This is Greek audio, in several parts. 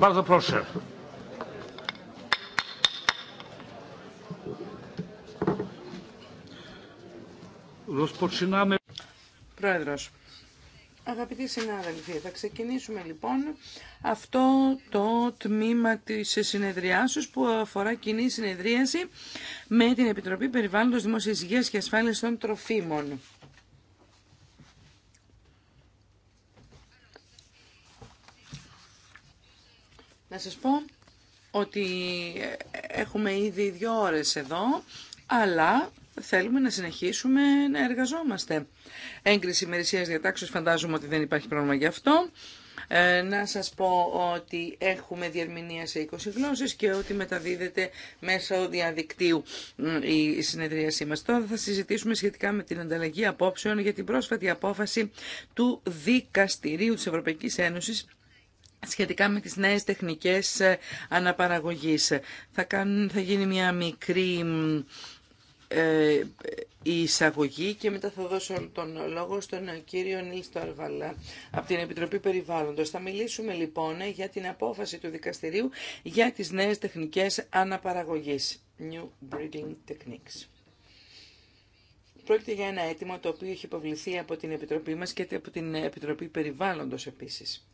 Bardzo proszę. Πρόεδρος, αγαπητοί συνάδελφοι, θα ξεκινήσουμε λοιπόν αυτό το τμήμα της συνεδριάσεως που αφορά κοινή συνεδρίαση με την Επιτροπή Περιβάλλοντος Δημόσιας Υγείας και Ασφάλειας των Τροφίμων. Να σας πω ότι έχουμε ήδη δύο ώρες εδώ, αλλά θέλουμε να συνεχίσουμε να εργαζόμαστε. Έγκριση ημερησία διατάξεως φαντάζομαι ότι δεν υπάρχει πρόβλημα γι' αυτό. Ε, να σας πω ότι έχουμε διερμηνία σε 20 γλώσσες και ότι μεταδίδεται μέσω διαδικτύου η συνεδρίασή μας. Τώρα θα συζητήσουμε σχετικά με την ανταλλαγή απόψεων για την πρόσφατη απόφαση του Δικαστηρίου της Ευρωπαϊκής Ένωσης σχετικά με τις νέες τεχνικές ε, αναπαραγωγής. Θα, κάνουν, θα γίνει μια μικρή ε, εισαγωγή και μετά θα δώσω τον λόγο στον κύριο Νίλ Στόρβαλα ε, από την Επιτροπή Περιβάλλοντος. Θα μιλήσουμε λοιπόν ε, για την απόφαση του δικαστηρίου για τις νέες τεχνικές αναπαραγωγής. New Breeding Techniques. Πρόκειται για ένα αίτημα το οποίο έχει υποβληθεί από την Επιτροπή μας και από την Επιτροπή Περιβάλλοντος επίσης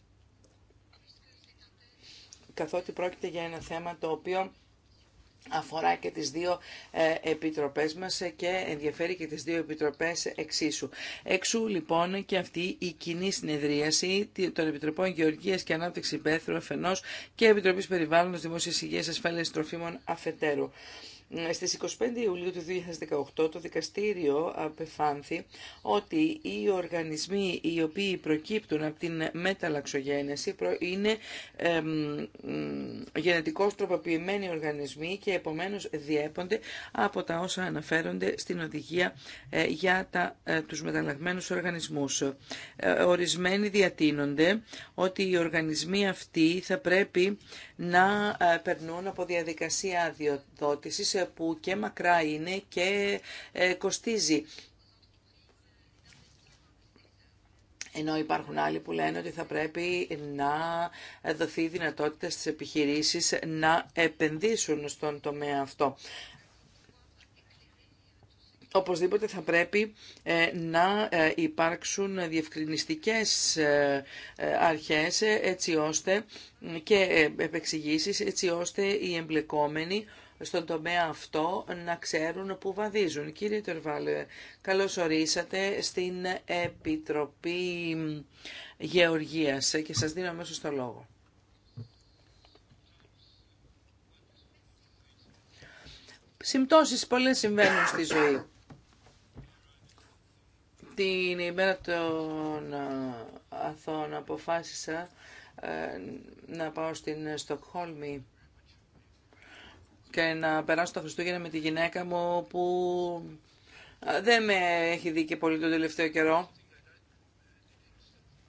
καθότι πρόκειται για ένα θέμα το οποίο αφορά και τις δύο ε, επιτροπές μας και ενδιαφέρει και τις δύο επιτροπές εξίσου. Εξού λοιπόν και αυτή η κοινή συνεδρίαση των Επιτροπών Γεωργίας και Ανάπτυξη Πέθρου ΕΦΕΝΟΣ και Επιτροπής Περιβάλλοντος Δημόσιας Υγείας Ασφάλειας Τροφίμων αφετέρου. Ε, στις 25 Ιουλίου του 2018 το δικαστήριο απεφάνθη ότι οι οργανισμοί οι οποίοι προκύπτουν από την μεταλλαξογένεση είναι γενετικώς τροποποιημένοι οργανισμοί και επομένως διέπονται από τα όσα αναφέρονται στην οδηγία ε, για τα, ε, τους μεταλλαγμένους οργανισμούς. Ορισμένοι διατείνονται ότι οι οργανισμοί αυτοί θα πρέπει να περνούν από διαδικασία αδειοδότησης που και μακρά είναι και ε, κοστίζει. Ενώ υπάρχουν άλλοι που λένε ότι θα πρέπει να δοθεί δυνατότητα στις επιχειρήσεις να επενδύσουν στον τομέα αυτό. Οπωσδήποτε θα πρέπει ε, να ε, υπάρξουν διευκρινιστικές αρχές έτσι ώστε και επεξηγήσεις έτσι ώστε οι εμπλεκόμενοι στον τομέα αυτό να ξέρουν που βαδίζουν. Κύριε Τερβάλε, καλώς ορίσατε στην Επιτροπή Γεωργίας και σας δίνω μέσω το λόγο. Συμπτώσεις πολλές συμβαίνουν στη ζωή. Την ημέρα των ε, Αθών αποφάσισα ε, να πάω στην Στοκχόλμη και να περάσω τα Χριστούγεννα με τη γυναίκα μου που δεν με έχει δει και πολύ τον τελευταίο καιρό.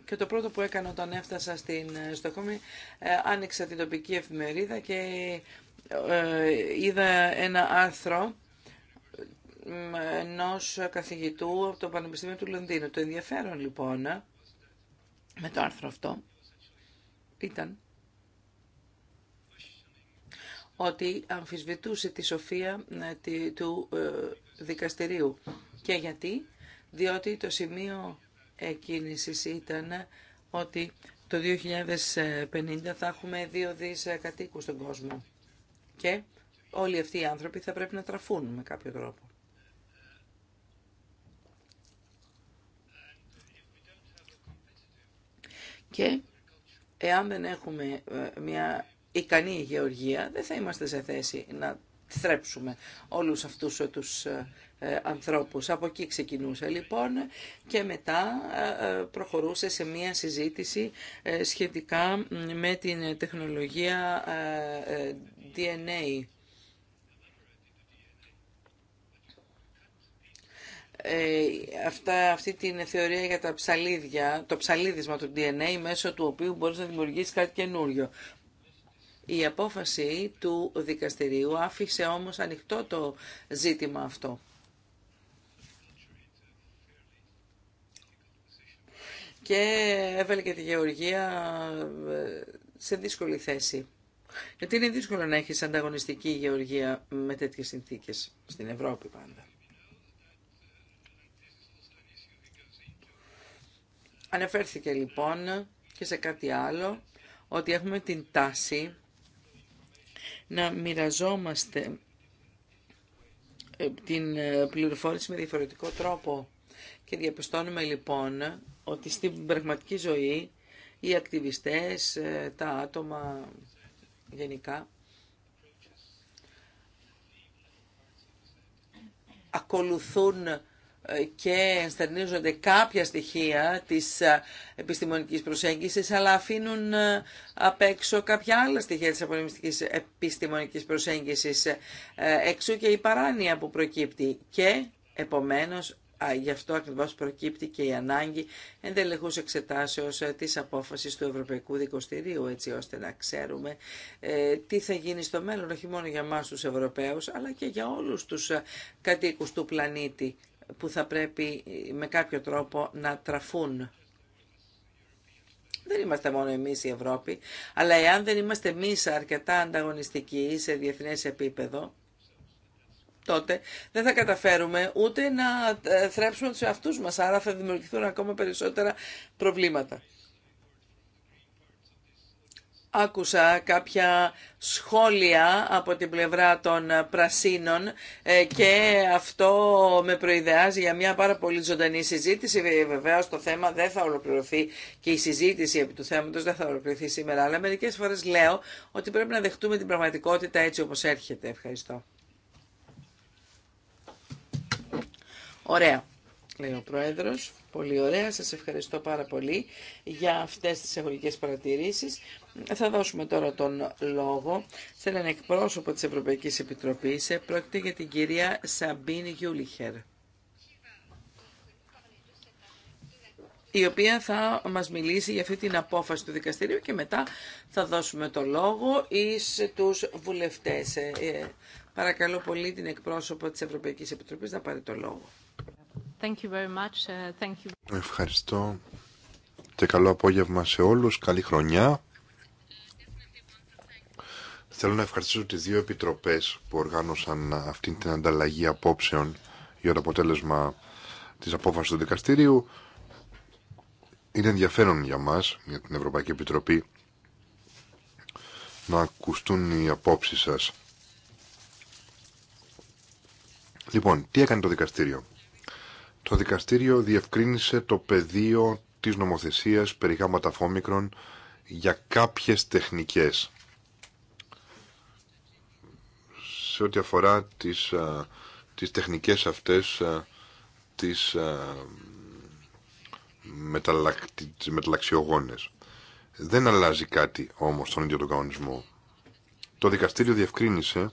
Και το πρώτο που έκανα όταν έφτασα στην ε, Στοχόμη, ε, άνοιξα την τοπική εφημερίδα και ε, είδα ένα άρθρο ενός καθηγητού από το Πανεπιστήμιο του Λονδίνου. Το ενδιαφέρον λοιπόν με το άρθρο αυτό ήταν ότι αμφισβητούσε τη σοφία ε, του ε, δικαστηρίου. Και γιατί, διότι το σημείο εκκίνησης ήταν ότι το 2050 θα έχουμε δύο δις ε, κατοίκους στον κόσμο. Και όλοι αυτοί οι άνθρωποι θα πρέπει να τραφούν με κάποιο τρόπο. Και εάν δεν έχουμε μια ικανή γεωργία, δεν θα είμαστε σε θέση να θρέψουμε όλους αυτούς ε, τους ε, ε, ανθρώπους. Από εκεί ξεκινούσε λοιπόν και μετά προχωρούσε σε μία συζήτηση σχετικά με την τεχνολογία DNA. Ε, αυτά, αυτή την θεωρία για τα ψαλίδια, το ψαλίδισμα του DNA μέσω του οποίου μπορείς να δημιουργήσεις κάτι καινούριο. Η απόφαση του δικαστηρίου άφησε όμως ανοιχτό το ζήτημα αυτό. Και έβαλε και τη Γεωργία ε, σε δύσκολη θέση. Γιατί είναι δύσκολο να έχεις ανταγωνιστική γεωργία με τέτοιες συνθήκες, στην Ευρώπη πάντα. Αναφέρθηκε λοιπόν και σε κάτι άλλο, ότι έχουμε την τάση να μοιραζόμαστε ε, την ε, πληροφόρηση με διαφορετικό τρόπο. Και διαπιστώνουμε λοιπόν ότι στην πραγματική ζωή οι ακτιβιστές, ε, τα άτομα γενικά, ακολουθούν ε, και ενστερνίζονται κάποια στοιχεία της ε, επιστημονικής προσέγγισης, αλλά αφήνουν ε, απ' έξω κάποια άλλα στοιχεία της απονομιστικής επιστημονικής προσέγγισης. έξω και η παράνοια που προκύπτει και, επομένως, γι' αυτό ακριβώς προκύπτει και η ανάγκη εντελεχούς εξετάσεως της απόφασης του Ευρωπαϊκού Δικοστηρίου, έτσι ώστε να ξέρουμε τι θα γίνει στο μέλλον, όχι μόνο για μας τους Ευρωπαίους, αλλά και για όλους τους κατοίκους του πλανήτη που θα πρέπει με κάποιο τρόπο να τραφούν. Δεν είμαστε μόνο εμείς η Ευρώπη, αλλά εάν δεν είμαστε εμείς αρκετά ανταγωνιστικοί σε διεθνές επίπεδο, τότε δεν θα καταφέρουμε ούτε να ε, θρέψουμε τους εαυτούς μας, άρα θα δημιουργηθούν ακόμα περισσότερα προβλήματα. Άκουσα κάποια σχόλια από την πλευρά των πρασίνων ε, και αυτό με προειδεάζει για μια πάρα πολύ ζωντανή συζήτηση. Ε, Βεβαίω το θέμα δεν θα ολοκληρωθεί και η συζήτηση επί του θέματος δεν θα ολοκληρωθεί σήμερα, αλλά μερικές φορές λέω ότι πρέπει να δεχτούμε την πραγματικότητα έτσι όπως έρχεται. Ευχαριστώ. Ωραία λέει ο Πρόεδρος. Πολύ ωραία, σας ευχαριστώ πάρα πολύ για αυτές τις εγωγικές παρατηρήσεις. Θα δώσουμε τώρα τον λόγο σε έναν εκπρόσωπο της Ευρωπαϊκής Επιτροπής. Ε, πρόκειται για την κυρία Σαμπίν Γιούλιχερ. η οποία θα μας μιλήσει για αυτή την απόφαση του δικαστηρίου και μετά θα δώσουμε το λόγο εις τους βουλευτές. Ε, ε, παρακαλώ πολύ την εκπρόσωπο της Ευρωπαϊκής Επιτροπής να πάρει το λόγο. Uh, Ευχαριστώ και καλό απόγευμα σε όλους. Καλή χρονιά. Θέλω να ευχαριστήσω τις δύο επιτροπές που οργάνωσαν αυτή την ανταλλαγή απόψεων για το αποτέλεσμα της απόφασης του δικαστήριου. Είναι ενδιαφέρον για μας, για την Ευρωπαϊκή Επιτροπή, να ακουστούν οι απόψεις σας. Λοιπόν, τι έκανε το δικαστήριο. Το δικαστήριο διευκρίνησε το πεδίο της νομοθεσίας περί γάμματα για κάποιες τεχνικές. Σε ό,τι αφορά τις, α, τεχνικές αυτές, τις, μεταλλαξιογόνες. Δεν αλλάζει κάτι όμως στον ίδιο τον κανονισμό. Το δικαστήριο διευκρίνησε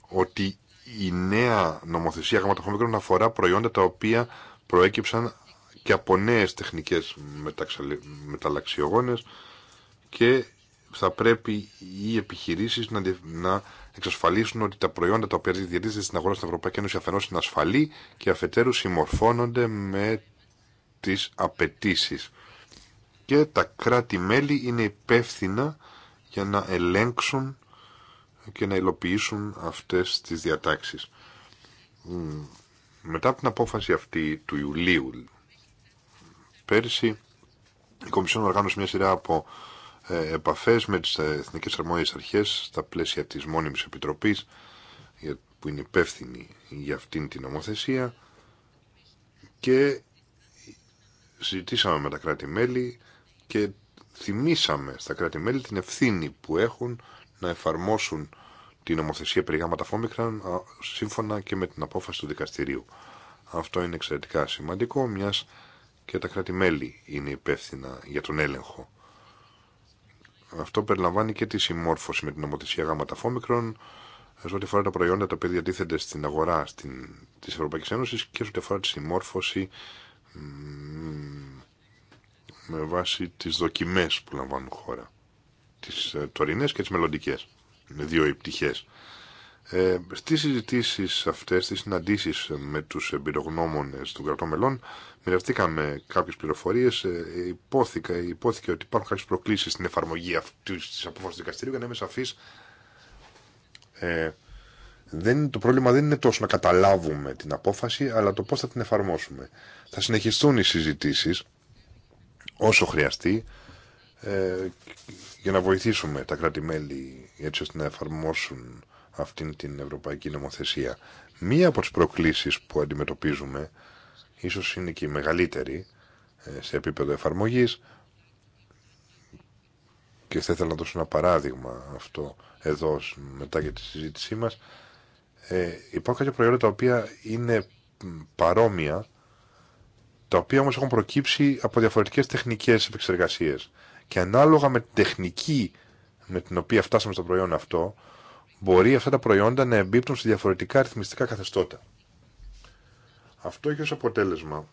ότι η νέα νομοθεσία γραμματοφωνικών αφορά προϊόντα τα οποία προέκυψαν και από νέες τεχνικές μεταλλαξιογόνες και θα πρέπει οι επιχειρήσεις να, εξασφαλίσουν ότι τα προϊόντα τα οποία διατίθεται στην αγορά στην Ευρωπαϊκή Ένωση αφενός είναι ασφαλή και αφετέρου συμμορφώνονται με τις απαιτήσει. Και τα κράτη-μέλη είναι υπεύθυνα για να ελέγξουν και να υλοποιήσουν αυτές τις διατάξεις. Μετά από την απόφαση αυτή του Ιουλίου, πέρσι η Κομισιόν οργάνωσε μια σειρά από ε, επαφές με τις ε, Εθνικές Αρμόδιες Αρχές στα πλαίσια της Μόνιμης Επιτροπής που είναι υπεύθυνη για αυτήν την νομοθεσία και συζητήσαμε με τα κράτη-μέλη και θυμήσαμε στα κράτη-μέλη την ευθύνη που έχουν να εφαρμόσουν την νομοθεσία περί γάμματα φόμικραν σύμφωνα και με την απόφαση του δικαστηρίου. Αυτό είναι εξαιρετικά σημαντικό, μιας και τα κράτη-μέλη είναι υπεύθυνα για τον έλεγχο. Αυτό περιλαμβάνει και τη συμμόρφωση με την νομοθεσία γάμματα φόμικρων, σε ό,τι αφορά τα προϊόντα τα οποία διατίθενται στην αγορά στην, της Ευρωπαϊκής και σε ό,τι αφορά τη συμμόρφωση με βάση τις δοκιμές που λαμβάνουν χώρα τις ε, τωρινές και τις μελλοντικές. Είναι δύο οι πτυχές. Ε, στις συζητήσεις αυτές, στις συναντήσεις με τους εμπειρογνώμονε των κρατών μελών, μοιραστήκαμε κάποιες πληροφορίες, ε, υπόθηκε ότι υπάρχουν κάποιες προκλήσεις στην εφαρμογή αυτής της απόφασης του δικαστηρίου, για να είμαι σαφής, ε, το πρόβλημα δεν είναι τόσο να καταλάβουμε την απόφαση, αλλά το πώς θα την εφαρμόσουμε. Θα συνεχιστούν οι συζητήσεις όσο χρειαστεί, ε, για να βοηθήσουμε τα κράτη-μέλη έτσι ώστε να εφαρμόσουν αυτήν την ευρωπαϊκή νομοθεσία. Μία από τις προκλήσεις που αντιμετωπίζουμε, ίσως είναι και η μεγαλύτερη ε, σε επίπεδο εφαρμογής, και θα ήθελα να δώσω ένα παράδειγμα αυτό εδώ μετά για τη συζήτησή μας, ε, υπάρχουν κάποια προϊόντα τα οποία είναι παρόμοια, τα οποία όμως έχουν προκύψει από διαφορετικές τεχνικές επεξεργασίες και ανάλογα με την τεχνική με την οποία φτάσαμε στο προϊόν αυτό, μπορεί αυτά τα προϊόντα να εμπίπτουν σε διαφορετικά αριθμιστικά καθεστώτα. Αυτό έχει ως αποτέλεσμα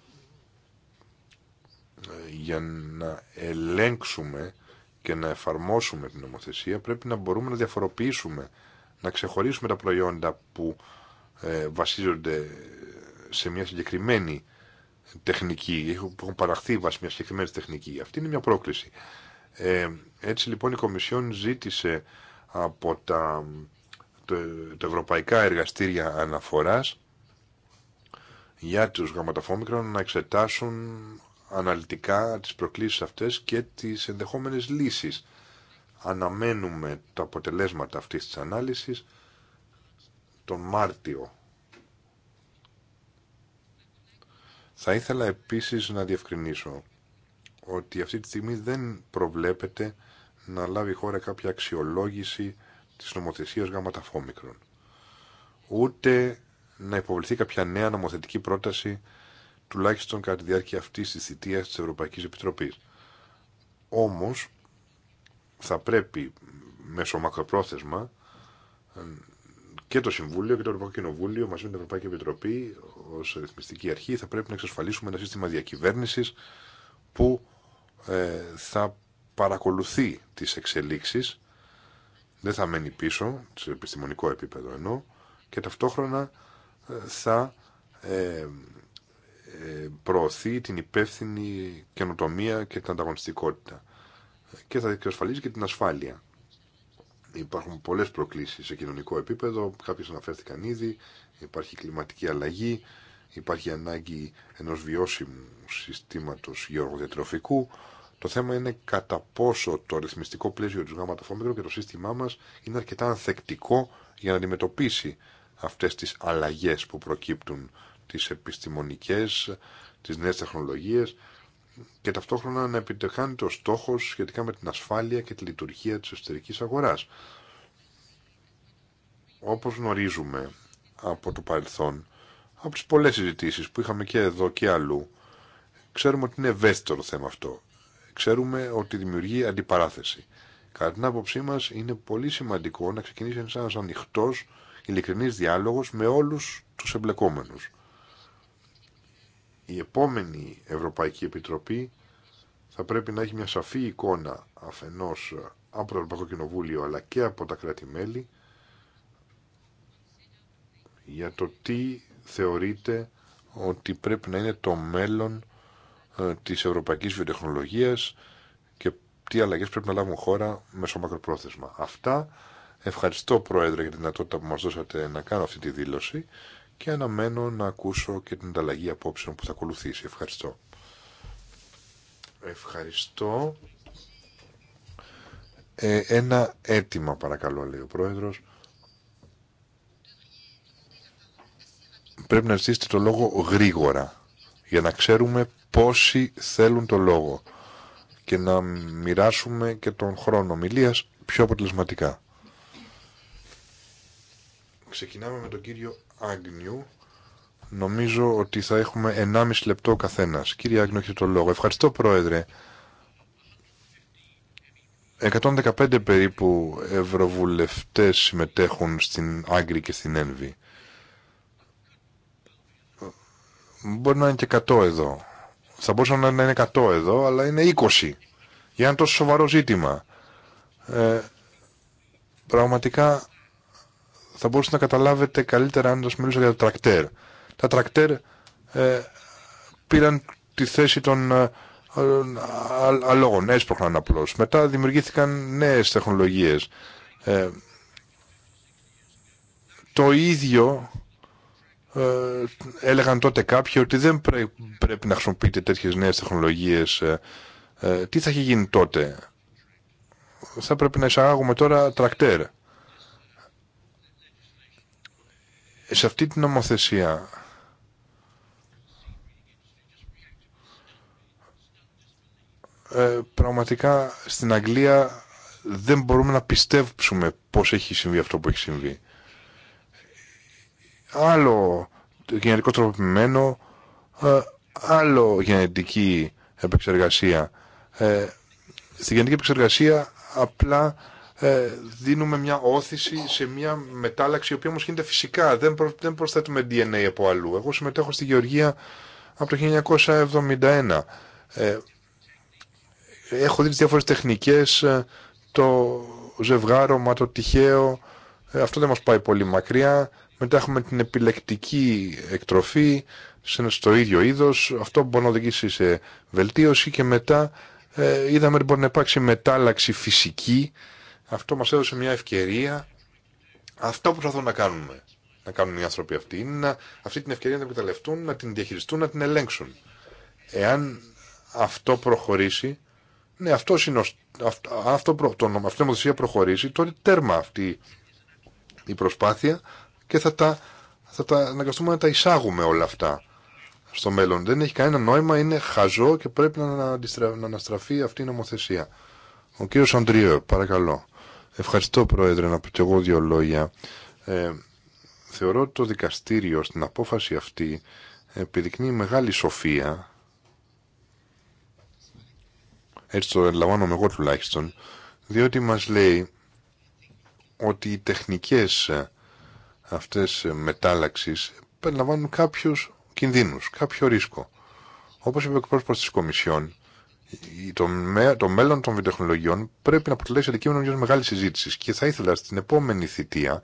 ε, για να ελέγξουμε και να εφαρμόσουμε την νομοθεσία πρέπει να μπορούμε να διαφοροποιήσουμε, να ξεχωρίσουμε τα προϊόντα που ε, βασίζονται σε μια συγκεκριμένη τεχνική, έχουν παραχθεί βάσει μια συγκεκριμένη τεχνική. Αυτή είναι μια πρόκληση. Ε, έτσι λοιπόν η Κομισιόν ζήτησε από τα το, ευρωπαϊκά εργαστήρια αναφοράς για τους γραμματοφόμικρων να εξετάσουν αναλυτικά τις προκλήσεις αυτές και τις ενδεχόμενες λύσεις. Αναμένουμε τα αποτελέσματα αυτής της ανάλυσης τον Μάρτιο Θα ήθελα επίσης να διευκρινίσω ότι αυτή τη στιγμή δεν προβλέπεται να λάβει η χώρα κάποια αξιολόγηση της νομοθεσίας φόμικρον. Ούτε να υποβληθεί κάποια νέα νομοθετική πρόταση τουλάχιστον κατά τη διάρκεια αυτής της θητείας της Ευρωπαϊκής Επιτροπής. Όμως θα πρέπει μέσω μακροπρόθεσμα και το Συμβούλιο και το Ευρωπαϊκό Κοινοβούλιο μαζί με την Ευρωπαϊκή Επιτροπή ω ρυθμιστική αρχή θα πρέπει να εξασφαλίσουμε ένα σύστημα διακυβέρνηση που ε, θα παρακολουθεί τι εξελίξει, δεν θα μένει πίσω, σε επιστημονικό επίπεδο ενώ, και ταυτόχρονα ε, θα ε, ε, προωθεί την υπεύθυνη καινοτομία και την ανταγωνιστικότητα και θα εξασφαλίζει και την ασφάλεια. Υπάρχουν πολλές προκλήσεις σε κοινωνικό επίπεδο, κάποιες αναφέρθηκαν ήδη, υπάρχει κλιματική αλλαγή, υπάρχει ανάγκη ενός βιώσιμου συστήματος γεωργοδιατροφικού. Το θέμα είναι κατά πόσο το ρυθμιστικό πλαίσιο του ΓΑΜΑΤΑΦΟΜΕΤΡΟ και το σύστημά μας είναι αρκετά ανθεκτικό για να αντιμετωπίσει αυτές τις αλλαγές που προκύπτουν, τις επιστημονικές, τις νέες τεχνολογίες και ταυτόχρονα να επιτεχάνεται ο στόχος σχετικά με την ασφάλεια και τη λειτουργία της εσωτερικής αγοράς. Όπως γνωρίζουμε από το παρελθόν, από τις πολλές συζητήσεις που είχαμε και εδώ και αλλού, ξέρουμε ότι είναι ευαίσθητο το θέμα αυτό. Ξέρουμε ότι δημιουργεί αντιπαράθεση. Κατά την άποψή μα, είναι πολύ σημαντικό να ξεκινήσει ένα ανοιχτό, ειλικρινή διάλογο με όλου του εμπλεκόμενου η επόμενη Ευρωπαϊκή Επιτροπή θα πρέπει να έχει μια σαφή εικόνα αφενός από το Ευρωπαϊκό Κοινοβούλιο αλλά και από τα κράτη-μέλη για το τι θεωρείται ότι πρέπει να είναι το μέλλον ε, της ευρωπαϊκής βιοτεχνολογίας και τι αλλαγές πρέπει να λάβουν χώρα μέσω μακροπρόθεσμα. Αυτά. Ευχαριστώ Πρόεδρε για τη δυνατότητα που μας δώσατε να κάνω αυτή τη δήλωση και αναμένω να ακούσω και την ανταλλαγή απόψεων που θα ακολουθήσει. Ευχαριστώ. Ευχαριστώ. Ε, ένα αίτημα παρακαλώ λέει ο Πρόεδρος. Πρέπει να ζητήσετε το λόγο γρήγορα για να ξέρουμε πόσοι θέλουν το λόγο και να μοιράσουμε και τον χρόνο μιλίας πιο αποτελεσματικά. Ξεκινάμε με τον κύριο Άγνιου. Νομίζω ότι θα έχουμε 1,5 λεπτό καθένας. Κύριε Άγνιου, έχετε το λόγο. Ευχαριστώ, Πρόεδρε. 115 περίπου ευρωβουλευτές συμμετέχουν στην Άγκρη και στην Ένβη. Μπορεί να είναι και 100 εδώ. Θα μπορούσαν να είναι 100 εδώ, αλλά είναι 20. Για ένα τόσο σοβαρό ζήτημα. Ε, πραγματικά θα μπορούσατε να καταλάβετε καλύτερα αν σας μιλούσα για τα τρακτέρ. Τα τρακτέρ ε, πήραν τη θέση των ε, αλόγων, έσπροχναν απλώ. Μετά δημιουργήθηκαν νέες τεχνολογίες. Ε, το ίδιο ε, έλεγαν τότε κάποιοι ότι δεν πρέπει να χρησιμοποιείτε τέτοιες νέες τεχνολογίες. Ε, ε τι θα έχει γίνει τότε. Θα πρέπει να εισαγάγουμε τώρα τρακτέρ. σε αυτή την νομοθεσία ε, πραγματικά στην Αγγλία δεν μπορούμε να πιστέψουμε πώς έχει συμβεί αυτό που έχει συμβεί. Άλλο γενετικό τροποποιημένο, ε, άλλο γενετική επεξεργασία. Ε, στη γενετική επεξεργασία απλά ε, δίνουμε μια όθηση σε μια μετάλλαξη η οποία όμως γίνεται φυσικά, δεν, δεν προσθέτουμε DNA από αλλού. Εγώ συμμετέχω στη Γεωργία από το 1971. Ε, έχω δει τις διάφορες τεχνικές, ε, το ζευγάρωμα, το τυχαίο, ε, αυτό δεν μας πάει πολύ μακριά. Μετά έχουμε την επιλεκτική εκτροφή στο ίδιο είδος, αυτό μπορεί να οδηγήσει σε βελτίωση και μετά είδαμε ότι μπορεί να υπάρξει μετάλλαξη φυσική, αυτό μας έδωσε μια ευκαιρία. Αυτό που προσπαθούν να κάνουμε, να κάνουν οι άνθρωποι αυτοί, είναι να, αυτή την ευκαιρία να την εκμεταλλευτούν, να την διαχειριστούν, να την ελέγξουν. Εάν αυτό προχωρήσει, ναι, αυτό είναι, αυτό, το, αυτή η νομοθεσία προχωρήσει, τότε τέρμα αυτή η προσπάθεια και θα τα, θα τα αναγκαστούμε να τα εισάγουμε όλα αυτά στο μέλλον. Δεν έχει κανένα νόημα, είναι χαζό και πρέπει να, να αναστραφεί αυτή η νομοθεσία. Ο κύριος Αντρίο, παρακαλώ. Ευχαριστώ Πρόεδρε να πω και εγώ δύο λόγια. Ε, θεωρώ ότι το δικαστήριο στην απόφαση αυτή επιδεικνύει μεγάλη σοφία έτσι το ελαμβάνομαι εγώ τουλάχιστον διότι μας λέει ότι οι τεχνικές αυτές μετάλλαξεις περιλαμβάνουν κάποιους κινδύνους, κάποιο ρίσκο. Όπως είπε ο εκπρόσωπος της Κομισιόν, το, με, το μέλλον των βιοτεχνολογιών πρέπει να αποτελέσει αντικείμενο μια μεγάλη συζήτηση και θα ήθελα στην επόμενη θητεία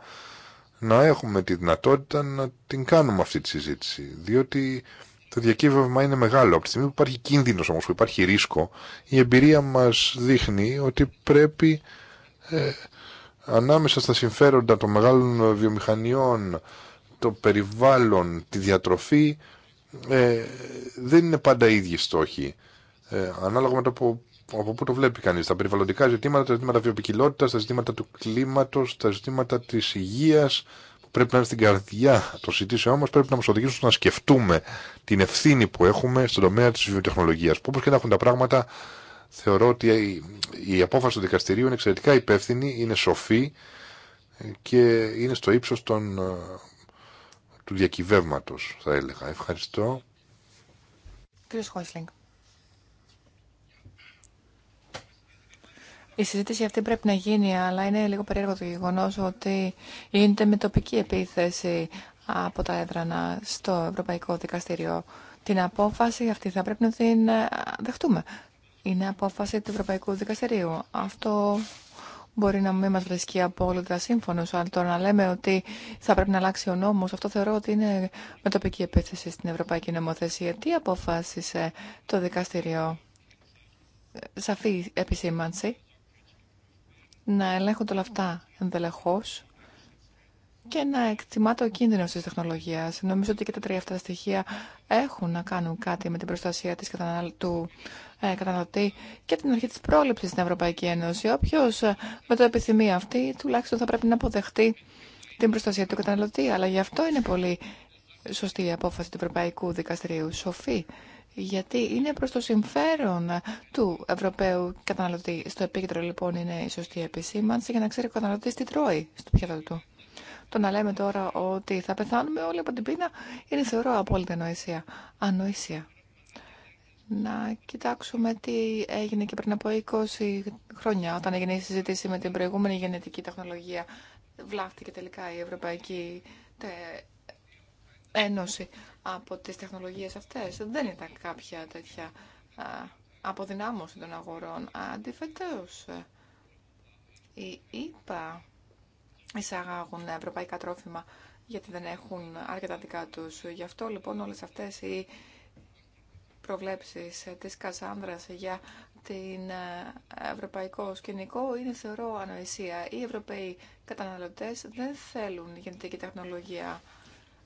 να έχουμε τη δυνατότητα να την κάνουμε αυτή τη συζήτηση. Διότι το διακύβευμα είναι μεγάλο. Από τη στιγμή που υπάρχει κίνδυνο όμω, που υπάρχει ρίσκο, η εμπειρία μα δείχνει ότι πρέπει ε, ανάμεσα στα συμφέροντα των μεγάλων βιομηχανιών, το περιβάλλον, τη διατροφή, ε, δεν είναι πάντα ίδιοι στόχοι ε, ανάλογα με το που, από πού το βλέπει κανεί. Τα περιβαλλοντικά ζητήματα, τα ζητήματα βιοπικιλότητα, τα ζητήματα του κλίματο, τα ζητήματα τη υγεία που πρέπει να είναι στην καρδιά των συζητήσεών μα, πρέπει να μα οδηγήσουν να σκεφτούμε την ευθύνη που έχουμε στον τομέα τη βιοτεχνολογία. Που όπω και να έχουν τα πράγματα, θεωρώ ότι η, απόφαση του δικαστηρίου είναι εξαιρετικά υπεύθυνη, είναι σοφή και είναι στο ύψο των ε, του διακυβεύματος θα έλεγα. Ευχαριστώ. Κύριε Η συζήτηση αυτή πρέπει να γίνει, αλλά είναι λίγο περίεργο το γεγονό ότι γίνεται με τοπική επίθεση από τα έδρανα στο Ευρωπαϊκό Δικαστήριο. Την απόφαση αυτή θα πρέπει να την ε, δεχτούμε. Είναι απόφαση του Ευρωπαϊκού Δικαστηρίου. Αυτό μπορεί να μην μας βρίσκει απόλυτα σύμφωνο, αλλά το να λέμε ότι θα πρέπει να αλλάξει ο νόμο, αυτό θεωρώ ότι είναι με τοπική επίθεση στην Ευρωπαϊκή Νομοθεσία. Τι αποφάσισε το δικαστήριο. Σαφή επισήμανση να ελέγχονται όλα αυτά ενδελεχώ και να εκτιμάται ο κίνδυνο τη τεχνολογία. Νομίζω ότι και τα τρία αυτά στοιχεία έχουν να κάνουν κάτι με την προστασία της του ε, καταναλωτή και την αρχή της πρόληψης στην Ευρωπαϊκή Ένωση. Όποιο ε, με το επιθυμεί αυτή, τουλάχιστον θα πρέπει να αποδεχτεί την προστασία του καταναλωτή. Αλλά γι' αυτό είναι πολύ σωστή η απόφαση του Ευρωπαϊκού Δικαστηρίου. Σοφή γιατί είναι προς το συμφέρον του Ευρωπαίου καταναλωτή. Στο επίκεντρο λοιπόν είναι η σωστή επισήμανση για να ξέρει ο καταναλωτής τι τρώει στο πιάτο του. Το να λέμε τώρα ότι θα πεθάνουμε όλοι από την πείνα είναι θεωρώ απόλυτη ανοησία. Ανοησία. Να κοιτάξουμε τι έγινε και πριν από 20 χρόνια όταν έγινε η συζήτηση με την προηγούμενη γενετική τεχνολογία. Βλάφτηκε τελικά η Ευρωπαϊκή Ένωση από τις τεχνολογίες αυτές. Δεν ήταν κάποια τέτοια αποδυνάμωση των αγορών. Αντιφετέω, οι ΕΠΑ εισαγάγουν ευρωπαϊκά τρόφιμα γιατί δεν έχουν αρκετά δικά τους. Γι' αυτό λοιπόν όλες αυτές οι προβλέψεις της Κασάνδρας για την ευρωπαϊκό σκηνικό είναι θεωρώ ανοησία. Οι Ευρωπαίοι καταναλωτές δεν θέλουν γενετική τεχνολογία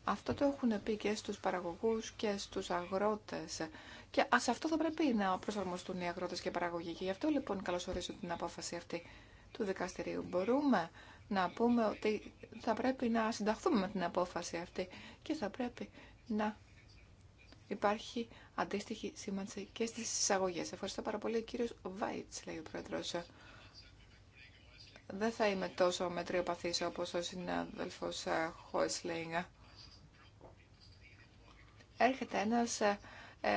αυτό το έχουν πει και στους παραγωγούς και στους αγρότες. Και σε αυτό θα πρέπει να προσαρμοστούν οι αγρότες και οι παραγωγοί. Και γι' αυτό λοιπόν καλωσορίζω την απόφαση αυτή του δικαστηρίου. Μπορούμε να πούμε ότι θα πρέπει να συνταχθούμε με την απόφαση αυτή και θα πρέπει να υπάρχει αντίστοιχη σήμανση και στις εισαγωγές. Ευχαριστώ πάρα πολύ. Ο κύριος Βάιτς, λέει ο πρόεδρος. Δεν θα είμαι τόσο μετριοπαθής όπως ο συνάδελφος έρχεται ένας ε, ε,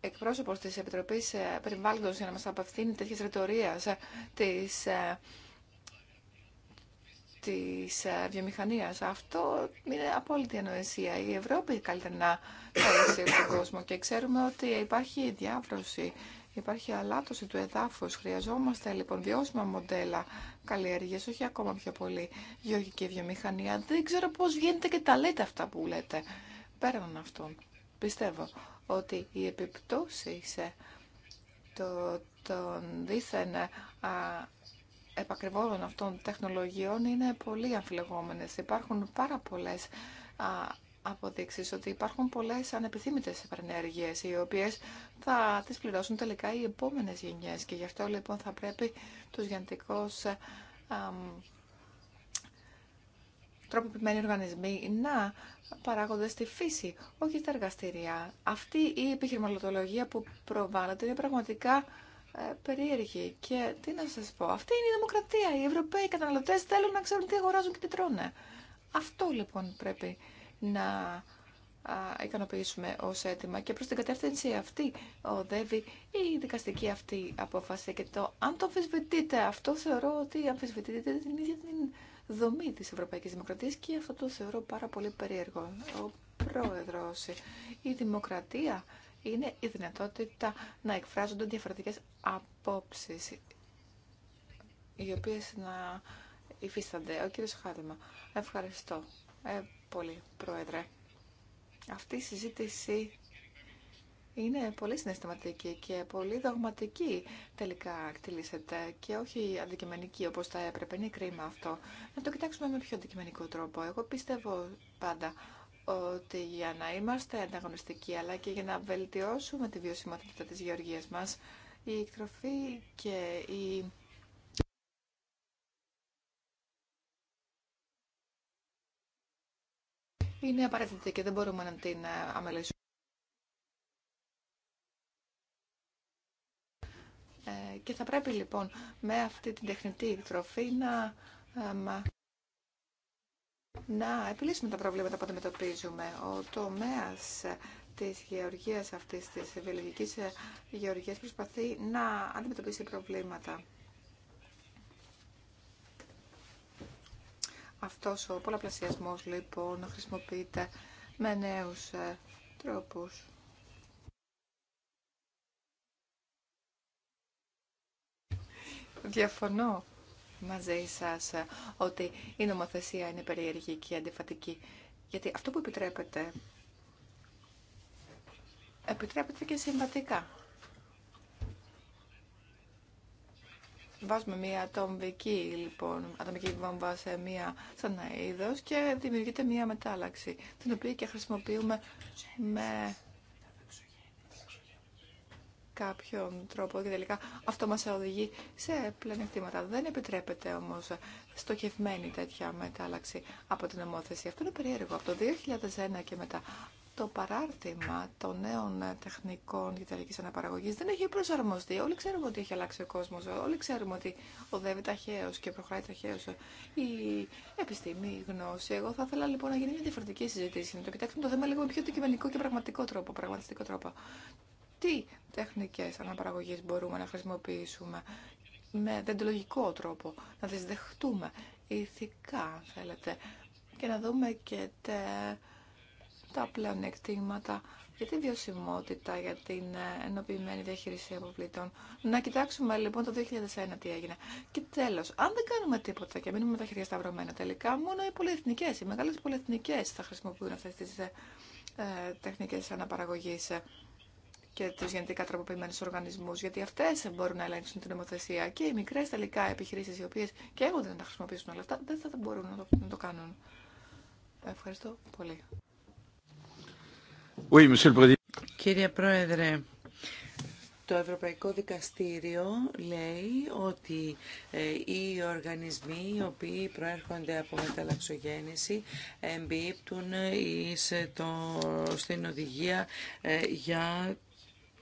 εκπρόσωπος της Επιτροπής ε, Περιβάλλοντος για να μας απευθύνει τέτοιες ρητορίες της, της βιομηχανίας. Αυτό είναι απόλυτη ανοησία. Η Ευρώπη καλύτερα να θέλει τον κόσμο και ξέρουμε ότι υπάρχει διάβρωση Υπάρχει αλάτωση του εδάφου. Χρειαζόμαστε λοιπόν βιώσιμα μοντέλα καλλιέργεια, όχι ακόμα πιο πολύ γεωργική βιομηχανία. Δεν ξέρω πώς βγαίνετε και τα λέτε αυτά που λέτε. Πέραν αυτών, πιστεύω ότι οι επιπτώσει ε, των δίθεν ε, επακριβόλων αυτών τεχνολογιών είναι πολύ αμφιλεγόμενες. Υπάρχουν πάρα πολλές αποδείξεις ότι υπάρχουν πολλές ανεπιθύμητες παρενέργειες οι οποίες θα τις πληρώσουν τελικά οι επόμενες γενιές και γι' αυτό λοιπόν θα πρέπει τους γενετικώς τροποποιημένοι οργανισμοί να παράγονται στη φύση, όχι στα εργαστήρια. Αυτή η επιχειρηματολογία που προβάλλεται είναι πραγματικά ε, περίεργη. Και τι να σας πω, αυτή είναι η δημοκρατία. Οι Ευρωπαίοι καταναλωτές θέλουν να ξέρουν τι αγοράζουν και τι τρώνε. Αυτό λοιπόν πρέπει να ικανοποιήσουμε ω έτοιμα και προς την κατεύθυνση αυτή οδεύει η δικαστική αυτή απόφαση και το αν το αμφισβητείτε αυτό θεωρώ ότι αμφισβητείτε την ίδια την δομή της Ευρωπαϊκής Δημοκρατίας και αυτό το θεωρώ πάρα πολύ περίεργο. Ο πρόεδρο. η Δημοκρατία είναι η δυνατότητα να εκφράζονται διαφορετικές απόψεις οι οποίες να υφίστανται. Ο κύριος Χάδημα, ευχαριστώ. Ε, πολύ, Πρόεδρε. Αυτή η συζήτηση είναι πολύ συναισθηματική και πολύ δογματική τελικά εκτελήσεται και όχι αντικειμενική όπως θα έπρεπε. Είναι κρίμα αυτό. Να το κοιτάξουμε με πιο αντικειμενικό τρόπο. Εγώ πιστεύω πάντα ότι για να είμαστε ανταγωνιστικοί αλλά και για να βελτιώσουμε τη βιωσιμότητα της γεωργίας μας η εκτροφή και η είναι απαραίτητη και δεν μπορούμε να την ε, αμελήσουμε. Ε, και θα πρέπει λοιπόν με αυτή την τεχνητή τροφή να, να επιλύσουμε τα προβλήματα που αντιμετωπίζουμε. Ο τομέας της γεωργίας αυτής, της βιολογικής ε, γεωργίας προσπαθεί να αντιμετωπίσει προβλήματα. Αυτός ο πολλαπλασιασμός λοιπόν χρησιμοποιείται με νέους ε, τρόπους. Διαφωνώ μαζί σας ε, ότι η νομοθεσία είναι περίεργη και αντιφατική. Γιατί αυτό που επιτρέπεται, επιτρέπεται και συμβατικά. Βάζουμε μια ατομική, λοιπόν, ατομική βόμβα σε μια, σαν ένα και δημιουργείται μια μετάλλαξη, την οποία και χρησιμοποιούμε με κάποιον τρόπο και τελικά αυτό μας οδηγεί σε πλανεκτήματα. Δεν επιτρέπεται όμως στοχευμένη τέτοια μετάλλαξη από την ομόθεση. Αυτό είναι περίεργο. Από το 2001 και μετά το παράρτημα των νέων τεχνικών γειτονικής αναπαραγωγής δεν έχει προσαρμοστεί. Όλοι ξέρουμε ότι έχει αλλάξει ο κόσμος, όλοι ξέρουμε ότι οδεύει ταχαίως και προχωράει ταχαίως η επιστήμη, η γνώση. Εγώ θα ήθελα λοιπόν να γίνει μια διαφορετική συζήτηση, να το κοιτάξουμε το θέμα λίγο πιο αντικειμενικό και πραγματικό τρόπο, πραγματιστικό τρόπο. Τι τεχνικές αναπαραγωγής μπορούμε να χρησιμοποιήσουμε με δεντολογικό τρόπο, να τις δεχτούμε ηθικά, αν θέλετε, και να δούμε και τα τα πλεονεκτήματα για τη βιωσιμότητα, για την ε, ενοποιημένη διαχείριση αποβλήτων. Να κοιτάξουμε λοιπόν το 2001 τι έγινε. Και τέλος, αν δεν κάνουμε τίποτα και μείνουμε με τα χέρια σταυρωμένα τελικά, μόνο οι πολυεθνικές, οι μεγάλες πολυεθνικές θα χρησιμοποιούν αυτές τις ε, ε τεχνικές αναπαραγωγής ε, και του γενετικά τροποποιημένου οργανισμού, γιατί αυτέ μπορούν να ελέγξουν την νομοθεσία και οι μικρέ τελικά επιχειρήσει, οι οποίε και έχουν να τα χρησιμοποιήσουν όλα αυτά, δεν θα μπορούν να το, να το κάνουν. Ευχαριστώ πολύ. Κύριε Πρόεδρε, το Ευρωπαϊκό Δικαστήριο λέει ότι ε, οι οργανισμοί οι οποίοι προέρχονται από μεταλλαξογέννηση εμπίπτουν εις το, στην οδηγία ε, για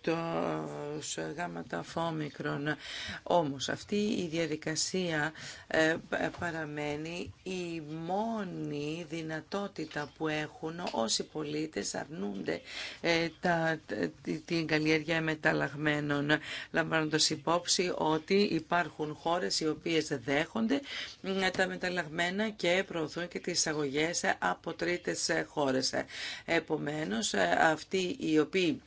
τους γάμματα φόμικρον. Όμως αυτή η διαδικασία ε, παραμένει η μόνη δυνατότητα που έχουν όσοι πολίτες αρνούνται ε, τα, την καλλιέργεια μεταλλαγμένων, λαμβάνοντας υπόψη ότι υπάρχουν χώρες οι οποίες δέχονται ε, τα μεταλλαγμένα και προωθούν και τις εισαγωγές από τρίτες χώρες. Επομένως, αυτοί οι οποίοι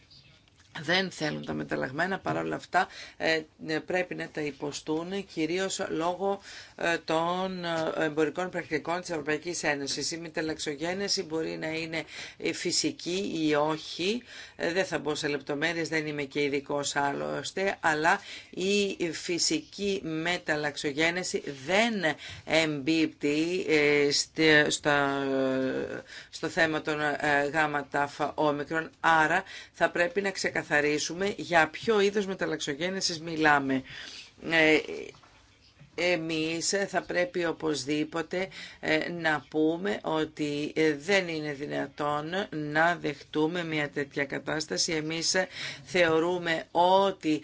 δεν θέλουν τα μεταλλαγμένα, παρόλα αυτά ε, ε, πρέπει να τα υποστούν κυρίως λόγω ε, των εμπορικών πρακτικών της Ευρωπαϊκής Ένωσης. Η μεταλλαξογένεση μπορεί να είναι φυσική ή όχι, δεν θα μπω σε λεπτομέρειες, δεν είμαι και ειδικό άλλωστε, αλλά η φυσική μεταλλαξογένεση δεν εμπίπτει στο θέμα των γάμα τάφα άρα θα πρέπει να ξεκαθαρίσουμε ξεκαθαρίσουμε για ποιο είδος μεταλλαξογέννησης μιλάμε ε, εμείς θα πρέπει οπωσδήποτε ε, να πούμε ότι ε, δεν είναι δυνατόν να δεχτούμε μια τέτοια κατάσταση. Εμείς ε, θεωρούμε ότι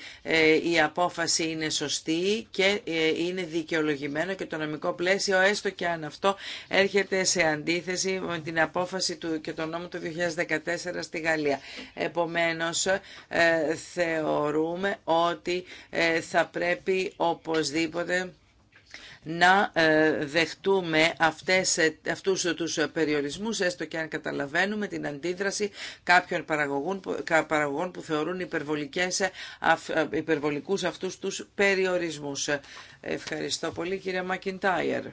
η απόφαση είναι σωστή και είναι δικαιολογημένο και το νομικό πλαίσιο, έστω και αν αυτό έρχεται σε αντίθεση με την απόφαση του και τον νόμο του 2014 στη Γαλλία. Επομένως, θεωρούμε ότι θα πρέπει οπωσδήποτε να ε, δεχτούμε αυτές, ε, αυτούς τους περιορισμούς, έστω και αν καταλαβαίνουμε την αντίδραση κάποιων παραγωγών, παραγωγών που θεωρούν υπερβολικές, ε, υπερβολικούς αυτούς τους περιορισμούς. Ευχαριστώ πολύ κύριε Μακιντάιερ.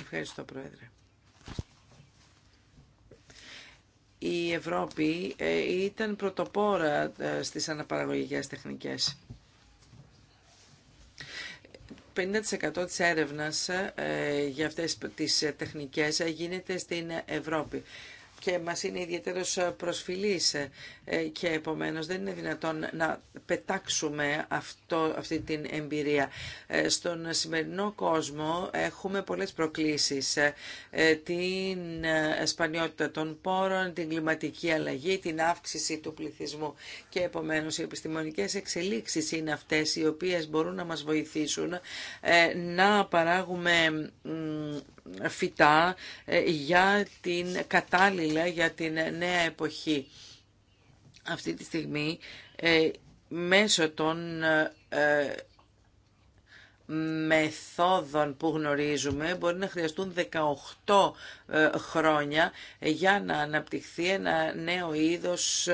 Ευχαριστώ Πρόεδρε. Η Ευρώπη ήταν πρωτοπόρα στις αναπαραγωγικές τεχνικές. 50% της έρευνας ε, για αυτές τις τεχνικές ε, γίνεται στην Ευρώπη και μας είναι ιδιαίτερος ε, προσφυλής ε, και επομένως δεν είναι δυνατόν να πετάξουμε αυτό, αυτή την εμπειρία. Ε, στον σημερινό κόσμο έχουμε πολλές προκλήσεις. Την σπανιότητα των πόρων, την κλιματική αλλαγή, την αύξηση του πληθυσμού και επομένως οι επιστημονικές εξελίξεις είναι αυτές οι οποίες μπορούν να μας βοηθήσουν να παράγουμε φυτά ε, για την κατάλληλα για την νέα εποχή. Αυτή τη στιγμή ε, μέσω των ε, μεθόδων που γνωρίζουμε μπορεί να χρειαστούν 18 χρόνια για να αναπτυχθεί ένα νέο είδος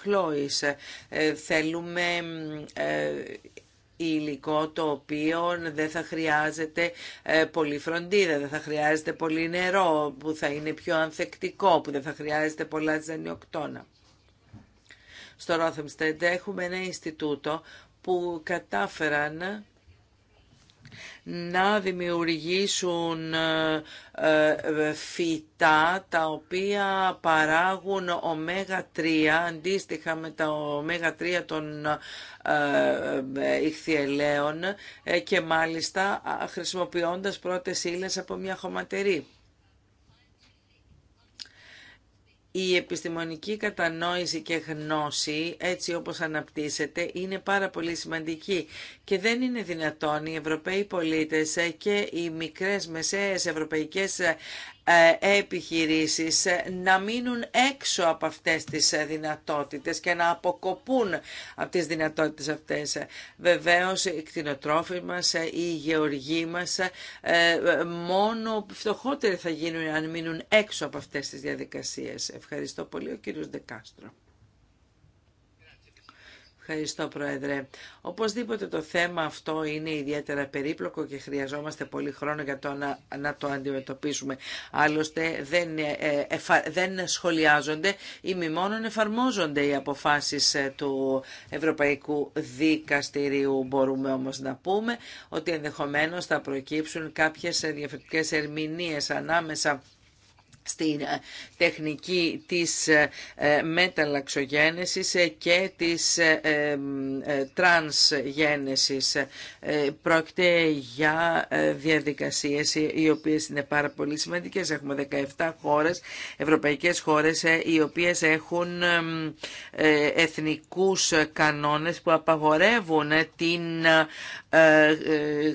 χλώης. Θέλουμε υλικό το οποίο δεν θα χρειάζεται ε, πολύ φροντίδα, δεν θα χρειάζεται πολύ νερό, που θα είναι πιο ανθεκτικό, που δεν θα χρειάζεται πολλά ζανιοκτώνα. Στο Ρόθεμστεντ έχουμε ένα Ινστιτούτο που κατάφεραν να δημιουργήσουν ε, ε, φυτά τα οποία παράγουν ωμέγα 3 αντίστοιχα με τα ωμέγα 3 των ε, ηχθιελαίων και μάλιστα χρησιμοποιώντας πρώτες ύλες από μια χωματερή. Η επιστημονική κατανόηση και γνώση, έτσι όπως αναπτύσσεται, είναι πάρα πολύ σημαντική και δεν είναι δυνατόν οι Ευρωπαίοι πολίτες και οι μικρές μεσαίες ευρωπαϊκές ε, επιχειρήσεις ε, να μείνουν έξω από αυτές τις ε, δυνατότητες και να αποκοπούν από τις δυνατότητες αυτές. Βεβαίως οι κτηνοτρόφοι μας, οι γεωργοί μας μόνο φτωχότεροι θα γίνουν αν μείνουν έξω από αυτές τις διαδικασίες. Ευχαριστώ πολύ ο κύριος Δεκάστρο. Ευχαριστώ, Πρόεδρε. Οπωσδήποτε το θέμα αυτό είναι ιδιαίτερα περίπλοκο και χρειαζόμαστε πολύ χρόνο για να, το αντιμετωπίσουμε. Άλλωστε δεν, ε, ε, δεν σχολιάζονται ή μη μόνον εφαρμόζονται οι αποφάσεις ε, του Ευρωπαϊκού Δικαστηρίου. Μπορούμε όμως να πούμε ότι ενδεχομένως θα προκύψουν κάποιες διαφορετικές ερμηνείες ανάμεσα στην ε, τεχνική της ε, ε, μεταλλαξογένεσης και της τρανσγένεσης. Πρόκειται για διαδικασίες οι οποίες είναι πάρα πολύ σημαντικές. Έχουμε 17 χώρες, ευρωπαϊκές χώρες, οι οποίες έχουν εθνικούς κανόνες που απαγορεύουν την ε, ε,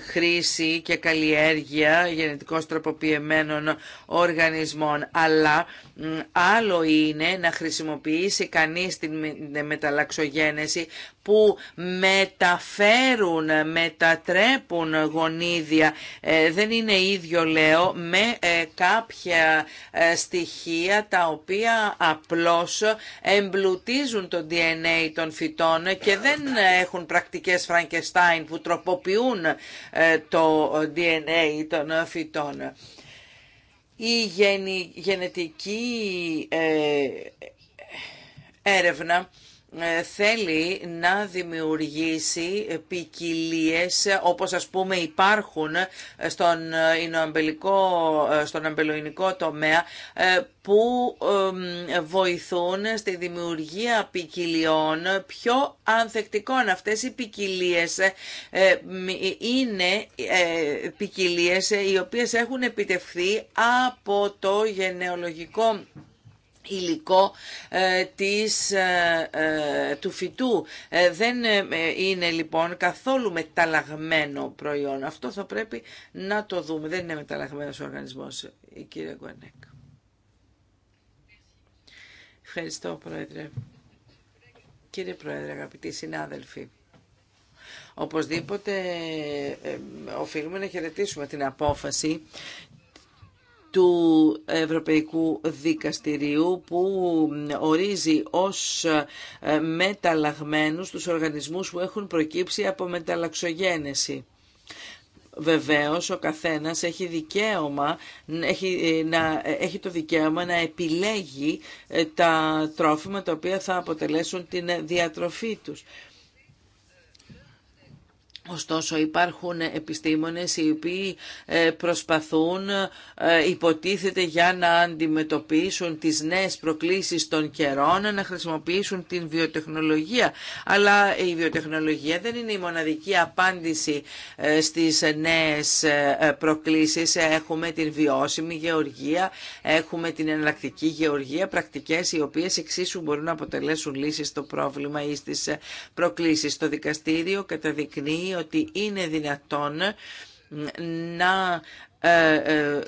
χρήση και καλλιέργεια γενετικώς τροποποιημένων οργανισμών. Αλλά άλλο είναι να χρησιμοποιήσει κανείς την μεταλλαξογένεση που μεταφέρουν, μετατρέπουν γονίδια. Ε, δεν είναι ίδιο, λέω, με κάποια στοιχεία τα οποία απλώς εμπλουτίζουν το DNA των φυτών και δεν έχουν πρακτικές φραγκεστάιν που τροποποιούν ε, το DNA των φυτών. Η γενετική ε, έρευνα ε, θέλει να δημιουργήσει ποικιλίε όπως ας πούμε υπάρχουν στον, ε, ε, στον αμπελοϊνικό τομέα που βοηθούν στη δημιουργία ποικιλιών πιο ανθεκτικών. Αυτές οι ποικιλίε είναι ποικιλίε οι οποίες έχουν επιτευχθεί από το γενεολογικό υλικό ε, της, ε, ε, του φυτού. Δεν είναι λοιπόν καθόλου μεταλλαγμένο προϊόν. Αυτό θα πρέπει να το δούμε. Δεν είναι μεταλλαγμένος ο οργανισμός, η κυρία Γκουανέκ. Ευχαριστώ, Πρόεδρε. Κύριε Πρόεδρε, αγαπητοί συνάδελφοι. Οπωσδήποτε οφείλουμε να χαιρετήσουμε την απόφαση του Ευρωπαϊκού Δικαστηρίου που ορίζει ως ε, μεταλλαγμένους τους οργανισμούς που έχουν προκύψει από μεταλλαξογένεση. Βεβαίως ο καθένας έχει, δικαίωμα, ε, να, ε, έχει το δικαίωμα να επιλέγει τα τρόφιμα τα οποία θα αποτελέσουν την διατροφή τους. Ωστόσο υπάρχουν επιστήμονες οι οποίοι ε, προσπαθούν ε, υποτίθεται για να αντιμετωπίσουν τις νέες προκλήσεις των καιρών, να χρησιμοποιήσουν την βιοτεχνολογία. Αλλά η βιοτεχνολογία δεν είναι η μοναδική απάντηση ε, στις νέες προκλήσεις. Έχουμε την βιώσιμη γεωργία, έχουμε την εναλλακτική γεωργία, πρακτικές οι οποίες εξίσου μπορούν να αποτελέσουν λύσεις στο πρόβλημα ή στις προκλήσεις. Το δικαστήριο καταδεικνύει ότι είναι δυνατόν να ε, ε,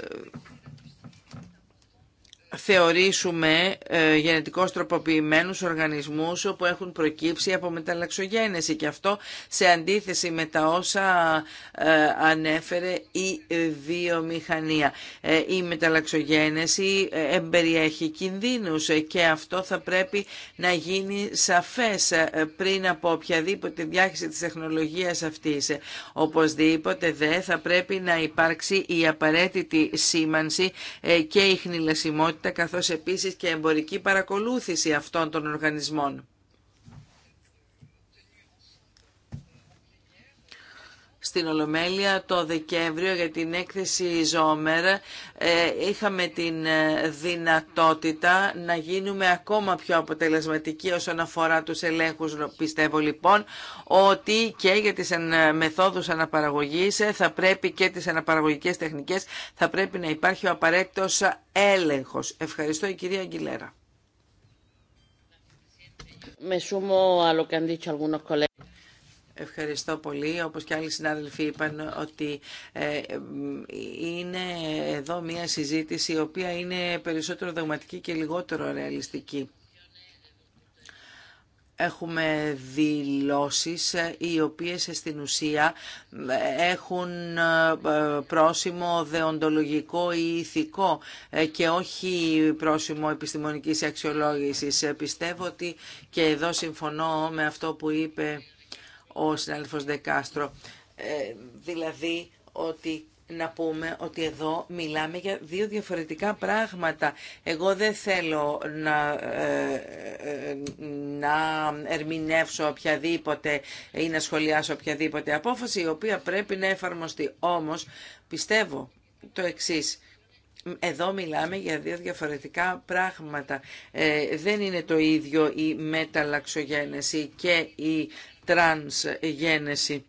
θεωρήσουμε ε, γενετικώς τροποποιημένους οργανισμούς που έχουν προκύψει από μεταλλαξογένεση και αυτό σε αντίθεση με τα όσα ε, ανέφερε η βιομηχανία. Ε, η μεταλλαξογένεση ε, εμπεριέχει κινδύνους ε, και αυτό θα πρέπει να γίνει σαφές πριν από οποιαδήποτε διάχυση της τεχνολογίας αυτής. Οπωσδήποτε δε θα πρέπει να υπάρξει η απαραίτητη σήμανση και η χνηλασιμότητα καθώς επίσης και εμπορική παρακολούθηση αυτών των οργανισμών. στην Ολομέλεια το Δεκέμβριο για την έκθεση Ζόμερ είχαμε την ε, δυνατότητα να γίνουμε ακόμα πιο αποτελεσματικοί όσον αφορά τους ελέγχους. Πιστεύω λοιπόν ότι και για τις μεθόδους αναπαραγωγής ε, θα πρέπει και τις αναπαραγωγικές τεχνικές θα πρέπει να υπάρχει ο απαραίτητος έλεγχος. Ευχαριστώ η κυρία Αγγιλέρα. Ευχαριστώ πολύ. Όπως και άλλοι συνάδελφοι είπαν ότι ε, είναι εδώ μια συζήτηση η οποία είναι περισσότερο δογματική και λιγότερο ρεαλιστική. Έχουμε δηλώσεις οι οποίες στην ουσία έχουν ε, πρόσημο δεοντολογικό ή ηθικό ε, και όχι πρόσημο επιστημονικής αξιολόγησης. Πιστεύω ότι και εδώ συμφωνώ με αυτό που είπε ο συνάδελφος Δεκάστρο. Ε, δηλαδή ότι να πούμε ότι εδώ μιλάμε για δύο διαφορετικά πράγματα. Εγώ δεν θέλω να, ε, ε, να ερμηνεύσω οποιαδήποτε ή να σχολιάσω οποιαδήποτε απόφαση η οποία πρέπει να εφαρμοστεί. Όμως πιστεύω το εξής. Εδώ μιλάμε για δύο διαφορετικά πράγματα. δεν είναι το ίδιο η μεταλλαξογένεση και η τρανς γένεση.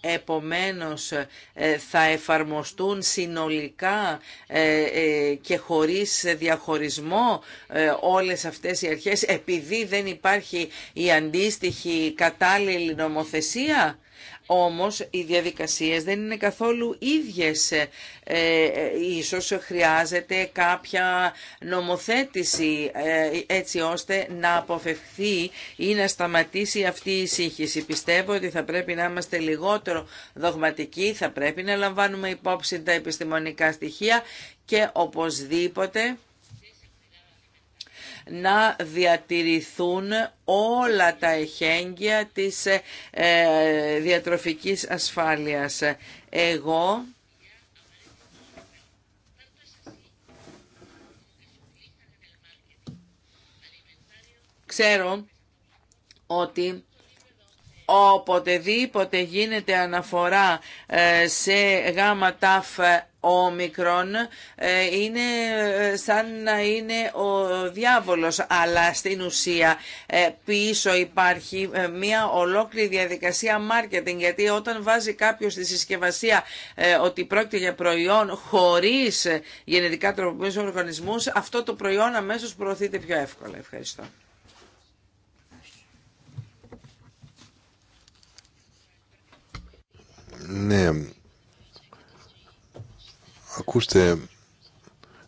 Επομένως ε, θα εφαρμοστούν συνολικά ε, ε, και χωρίς διαχωρισμό όλες αυτές οι αρχές επειδή δεν υπάρχει η αντίστοιχη κατάλληλη νομοθεσία όμως οι διαδικασίες δεν είναι καθόλου ίδιες. Ε, ε ίσως χρειάζεται κάποια νομοθέτηση ε, έτσι ώστε να αποφευχθεί ή να σταματήσει αυτή η σύγχυση. Πιστεύω ότι θα πρέπει να είμαστε λιγότερο δογματικοί, θα πρέπει να λαμβάνουμε υπόψη τα επιστημονικά στοιχεία και οπωσδήποτε να διατηρηθούν όλα τα εχέγγυα της ε, διατροφικής ασφάλειας. Εγώ ξέρω ότι οποτεδήποτε γίνεται αναφορά ε, σε γάμα ταφ μικρόν ε, είναι ε, σαν να είναι ο διάβολος αλλά στην ουσία ε, πίσω υπάρχει μια ολόκληρη διαδικασία marketing γιατί όταν βάζει κάποιος στη συσκευασία ότι πρόκειται για προϊόν χωρίς γενετικά τροποποιημένους οργανισμούς αυτό το προϊόν αμέσως προωθείται πιο εύκολα. Ευχαριστώ. Ναι, Ακούστε,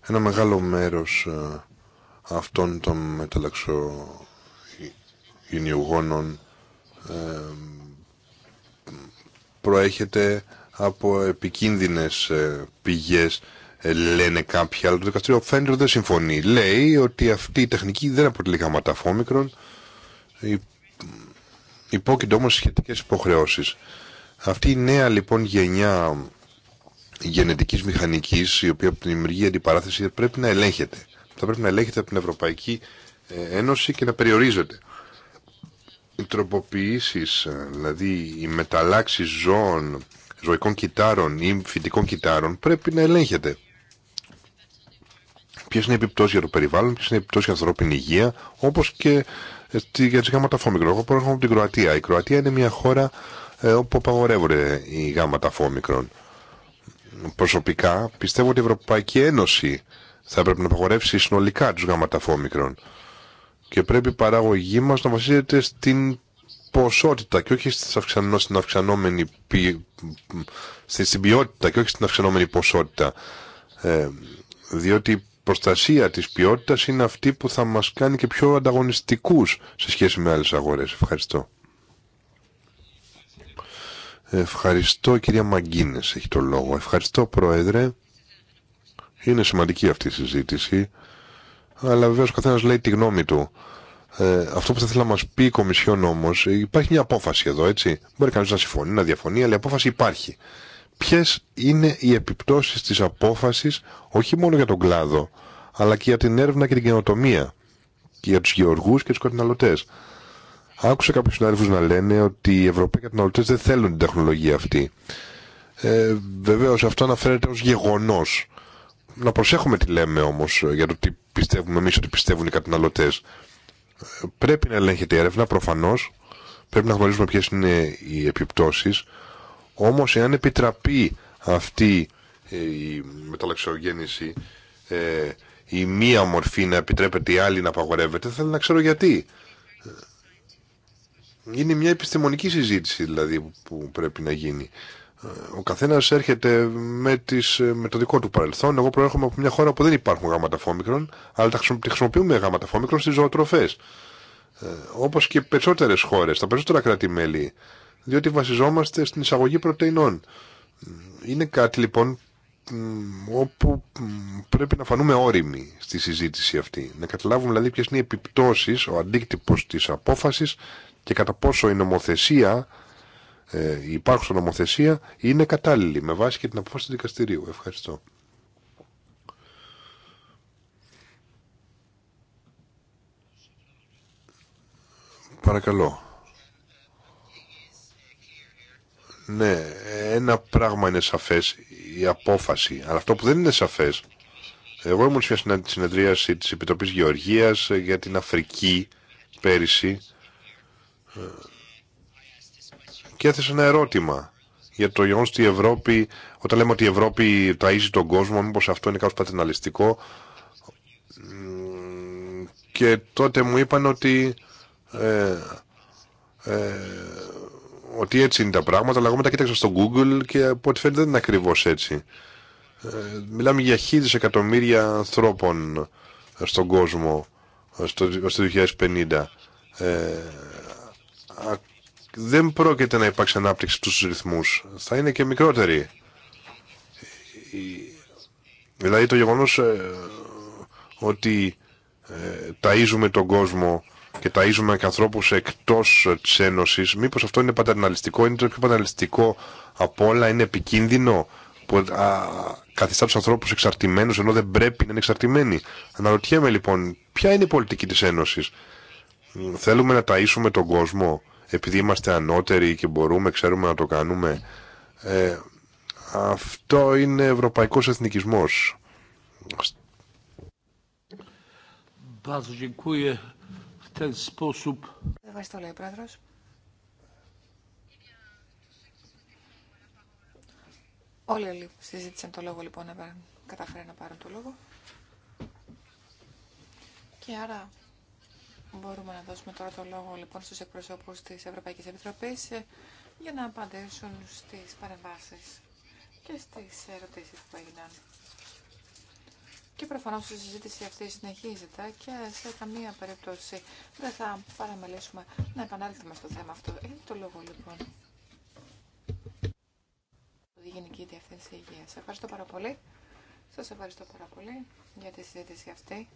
ένα μεγάλο μέρος ε, αυτών των μεταλλαξογενειογόνων ε, προέρχεται από επικίνδυνες ε, πηγές λένε κάποιοι, αλλά το δικαστήριο Φέντρο δεν συμφωνεί. Λέει ότι αυτή η τεχνική δεν αποτελεί γαματαφόμικρον, υπόκειται όμως σχετικές υποχρεώσεις. Αυτή η νέα λοιπόν γενιά γενετική μηχανική, η οποία από την δημιουργία αντιπαράθεση πρέπει να ελέγχεται. Θα πρέπει να ελέγχεται από την Ευρωπαϊκή ε, Ένωση και να περιορίζεται. Οι τροποποιήσει, ε, δηλαδή οι μεταλλάξει ζώων, ζωικών κυτάρων ή φυτικών κυτάρων πρέπει να ελέγχεται. Ποιε είναι οι επιπτώσει για το περιβάλλον, ποιε είναι οι επιπτώσει για ανθρώπινη υγεία, όπω και ε, για τι γάμματα φόμικρο. Εγώ προέρχομαι από την Κροατία. Η Κροατία είναι μια χώρα όπου απαγορεύονται οι γάμματα φόμικρον προσωπικά πιστεύω ότι η Ευρωπαϊκή Ένωση θα πρέπει να απαγορεύσει συνολικά τους φόμικρων και πρέπει η παραγωγή μας να βασίζεται στην ποσότητα και όχι στην αυξανόμενη στην ποιότητα και όχι στην αυξανόμενη ποσότητα ε, διότι η προστασία της ποιότητας είναι αυτή που θα μας κάνει και πιο ανταγωνιστικούς σε σχέση με άλλες αγορές. Ευχαριστώ. Ευχαριστώ κυρία Μαγκίνες, έχει το λόγο. Ευχαριστώ πρόεδρε. Είναι σημαντική αυτή η συζήτηση, αλλά βεβαίω ο καθένα λέει τη γνώμη του. Ε, αυτό που θα ήθελα να μα πει η Κομισιόν όμω, υπάρχει μια απόφαση εδώ, έτσι. Μπορεί κανεί να συμφωνεί, να διαφωνεί, αλλά η απόφαση υπάρχει. Ποιε είναι οι επιπτώσει τη απόφαση, όχι μόνο για τον κλάδο, αλλά και για την έρευνα και την καινοτομία, και για του γεωργού και του καταναλωτέ. Άκουσα κάποιου συνάδελφου να λένε ότι οι Ευρωπαίοι καταναλωτέ δεν θέλουν την τεχνολογία αυτή. Ε, Βεβαίω αυτό αναφέρεται ω γεγονό. Να προσέχουμε τι λέμε όμω ε, για το τι πιστεύουμε εμεί ότι πιστεύουν οι καταναλωτέ. Ε, πρέπει να ελέγχεται η έρευνα προφανώ. Πρέπει να γνωρίζουμε ποιε είναι οι επιπτώσει. Όμω εάν επιτραπεί αυτή ε, η μεταλλαξιογέννηση η μία μορφή να επιτρέπεται η άλλη να απαγορεύεται, θέλω να ξέρω γιατί είναι μια επιστημονική συζήτηση δηλαδή που πρέπει να γίνει. Ε, ο καθένας έρχεται με, τις, ε, με το δικό του παρελθόν. Εγώ προέρχομαι από μια χώρα που δεν υπάρχουν γάματα φόμικρον, αλλά τα χρησιμοποιούμε γάματα φόμικρον στις ζωοτροφές. Ε, όπως και περισσότερες χώρες, τα περισσότερα κράτη-μέλη, διότι βασιζόμαστε στην εισαγωγή πρωτεϊνών. Ε, είναι κάτι λοιπόν όπου πρέπει να φανούμε όριμοι στη συζήτηση αυτή. Να καταλάβουμε δηλαδή ποιες είναι οι επιπτώσεις, ο αντίκτυπος της απόφασης και κατά πόσο η νομοθεσία, ε, η υπάρχουσα νομοθεσία είναι κατάλληλη με βάση και την απόφαση του δικαστηρίου. Ευχαριστώ. Παρακαλώ. Ναι, ένα πράγμα είναι σαφές, η απόφαση. Αλλά αυτό που δεν είναι σαφές, εγώ ήμουν σε μια συνεδρίαση της Επιτροπή Γεωργίας για την Αφρική πέρυσι ε, και έθεσα ένα ερώτημα για το γεγονό ότι η Ευρώπη, όταν λέμε ότι η Ευρώπη ταΐζει τον κόσμο, μήπω αυτό είναι κάπως πατερναλιστικό. Και τότε μου είπαν ότι ε, ε, ότι έτσι είναι τα πράγματα, αλλά εγώ μετά κοίταξα στο Google και από ό,τι φαίνεται δεν είναι ακριβώ έτσι. Ε, μιλάμε για χίλιε εκατομμύρια ανθρώπων στον κόσμο ε, στο, στο 2050. Ε, δεν πρόκειται να υπάρξει ανάπτυξη στους ρυθμούς. Θα είναι και μικρότερη. Δηλαδή το γεγονός ε, ότι ε, ταΐζουμε τον κόσμο και ταΐζουμε και ανθρώπους εκτός της Ένωσης, μήπως αυτό είναι πατερναλιστικό, είναι το πιο πατερναλιστικό από όλα, είναι επικίνδυνο που καθιστά τους ανθρώπους εξαρτημένους ενώ δεν πρέπει να είναι εξαρτημένοι. Αναρωτιέμαι λοιπόν, ποια είναι η πολιτική της Ένωσης. Θέλουμε να ταΐσουμε τον κόσμο επειδή είμαστε ανώτεροι και μπορούμε, ξέρουμε να το κάνουμε. Ε, αυτό είναι ευρωπαϊκός εθνικισμός. Bardzo Ευχαριστώ, λέει ο Πρόεδρος. Όλοι συζήτησαν το λόγο, λοιπόν, να καταφέραν να πάρουν το λόγο. Και άρα μπορούμε να δώσουμε τώρα το λόγο, λοιπόν, στους εκπροσώπους της Ευρωπαϊκής Επιτροπής ε, για να απαντήσουν στις παρεμβάσεις και στις ερωτήσεις που έγιναν. Και προφανώ η συζήτηση αυτή συνεχίζεται και σε καμία περίπτωση δεν θα παραμελήσουμε να επανέλθουμε στο θέμα αυτό. Είναι το λόγο λοιπόν. Η Γενική Διευθύνση Υγείας. Ευχαριστώ πάρα πολύ. Σας ευχαριστώ πάρα πολύ για τη συζήτηση αυτή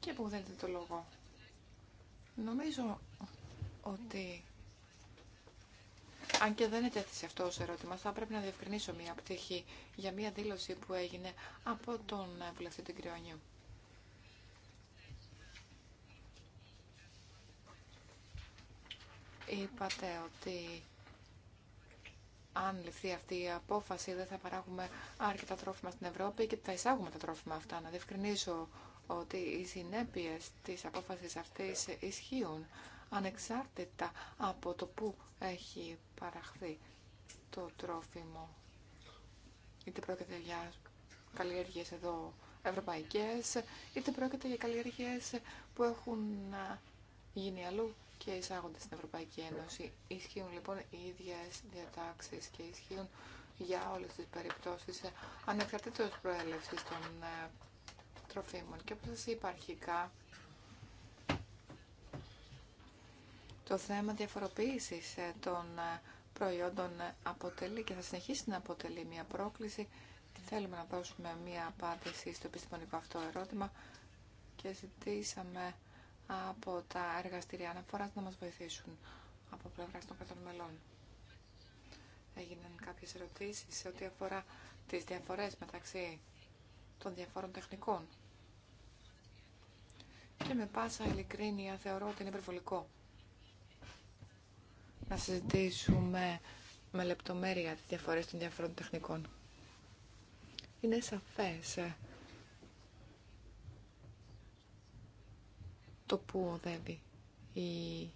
και που δέλετε το λόγο. Νομίζω ότι αν και δεν ετέθησε αυτό το ερώτημα, θα πρέπει να διευκρινίσω μία πτυχή για μία δήλωση που έγινε από τον βουλευτή του Κρυονιού. Είπατε ότι αν ληφθεί αυτή η απόφαση δεν θα παράγουμε αρκετά τρόφιμα στην Ευρώπη και θα εισάγουμε τα τρόφιμα αυτά. Να διευκρινίσω ότι οι συνέπειες της απόφασης αυτής ισχύουν ανεξάρτητα από το που έχει παραχθεί το τρόφιμο. Είτε πρόκειται για καλλιέργειες εδώ ευρωπαϊκές, είτε πρόκειται για καλλιέργειες που έχουν γίνει αλλού και εισάγονται στην Ευρωπαϊκή Ένωση. Ισχύουν λοιπόν οι ίδιες διατάξεις και ισχύουν για όλες τις περιπτώσεις ανεξαρτήτως προέλευσης των ε, τροφίμων. Και όπως σας είπα αρχικά, Το θέμα διαφοροποίησης ε, των ε, προϊόντων αποτελεί και θα συνεχίσει να αποτελεί μια πρόκληση θέλουμε να δώσουμε μια απάντηση στο επιστημονικό αυτό ερώτημα και ζητήσαμε από τα εργαστήρια αναφοράς να μας βοηθήσουν από πλευρά των κρατών μελών. Έγιναν κάποιες ερωτήσεις σε ό,τι αφορά τις διαφορές μεταξύ των διαφόρων τεχνικών. Και με πάσα ειλικρίνεια θεωρώ ότι είναι υπερβολικό να συζητήσουμε με λεπτομέρεια τις διαφορές των διαφορών τεχνικών. Είναι σαφές ε, το που οδεύει η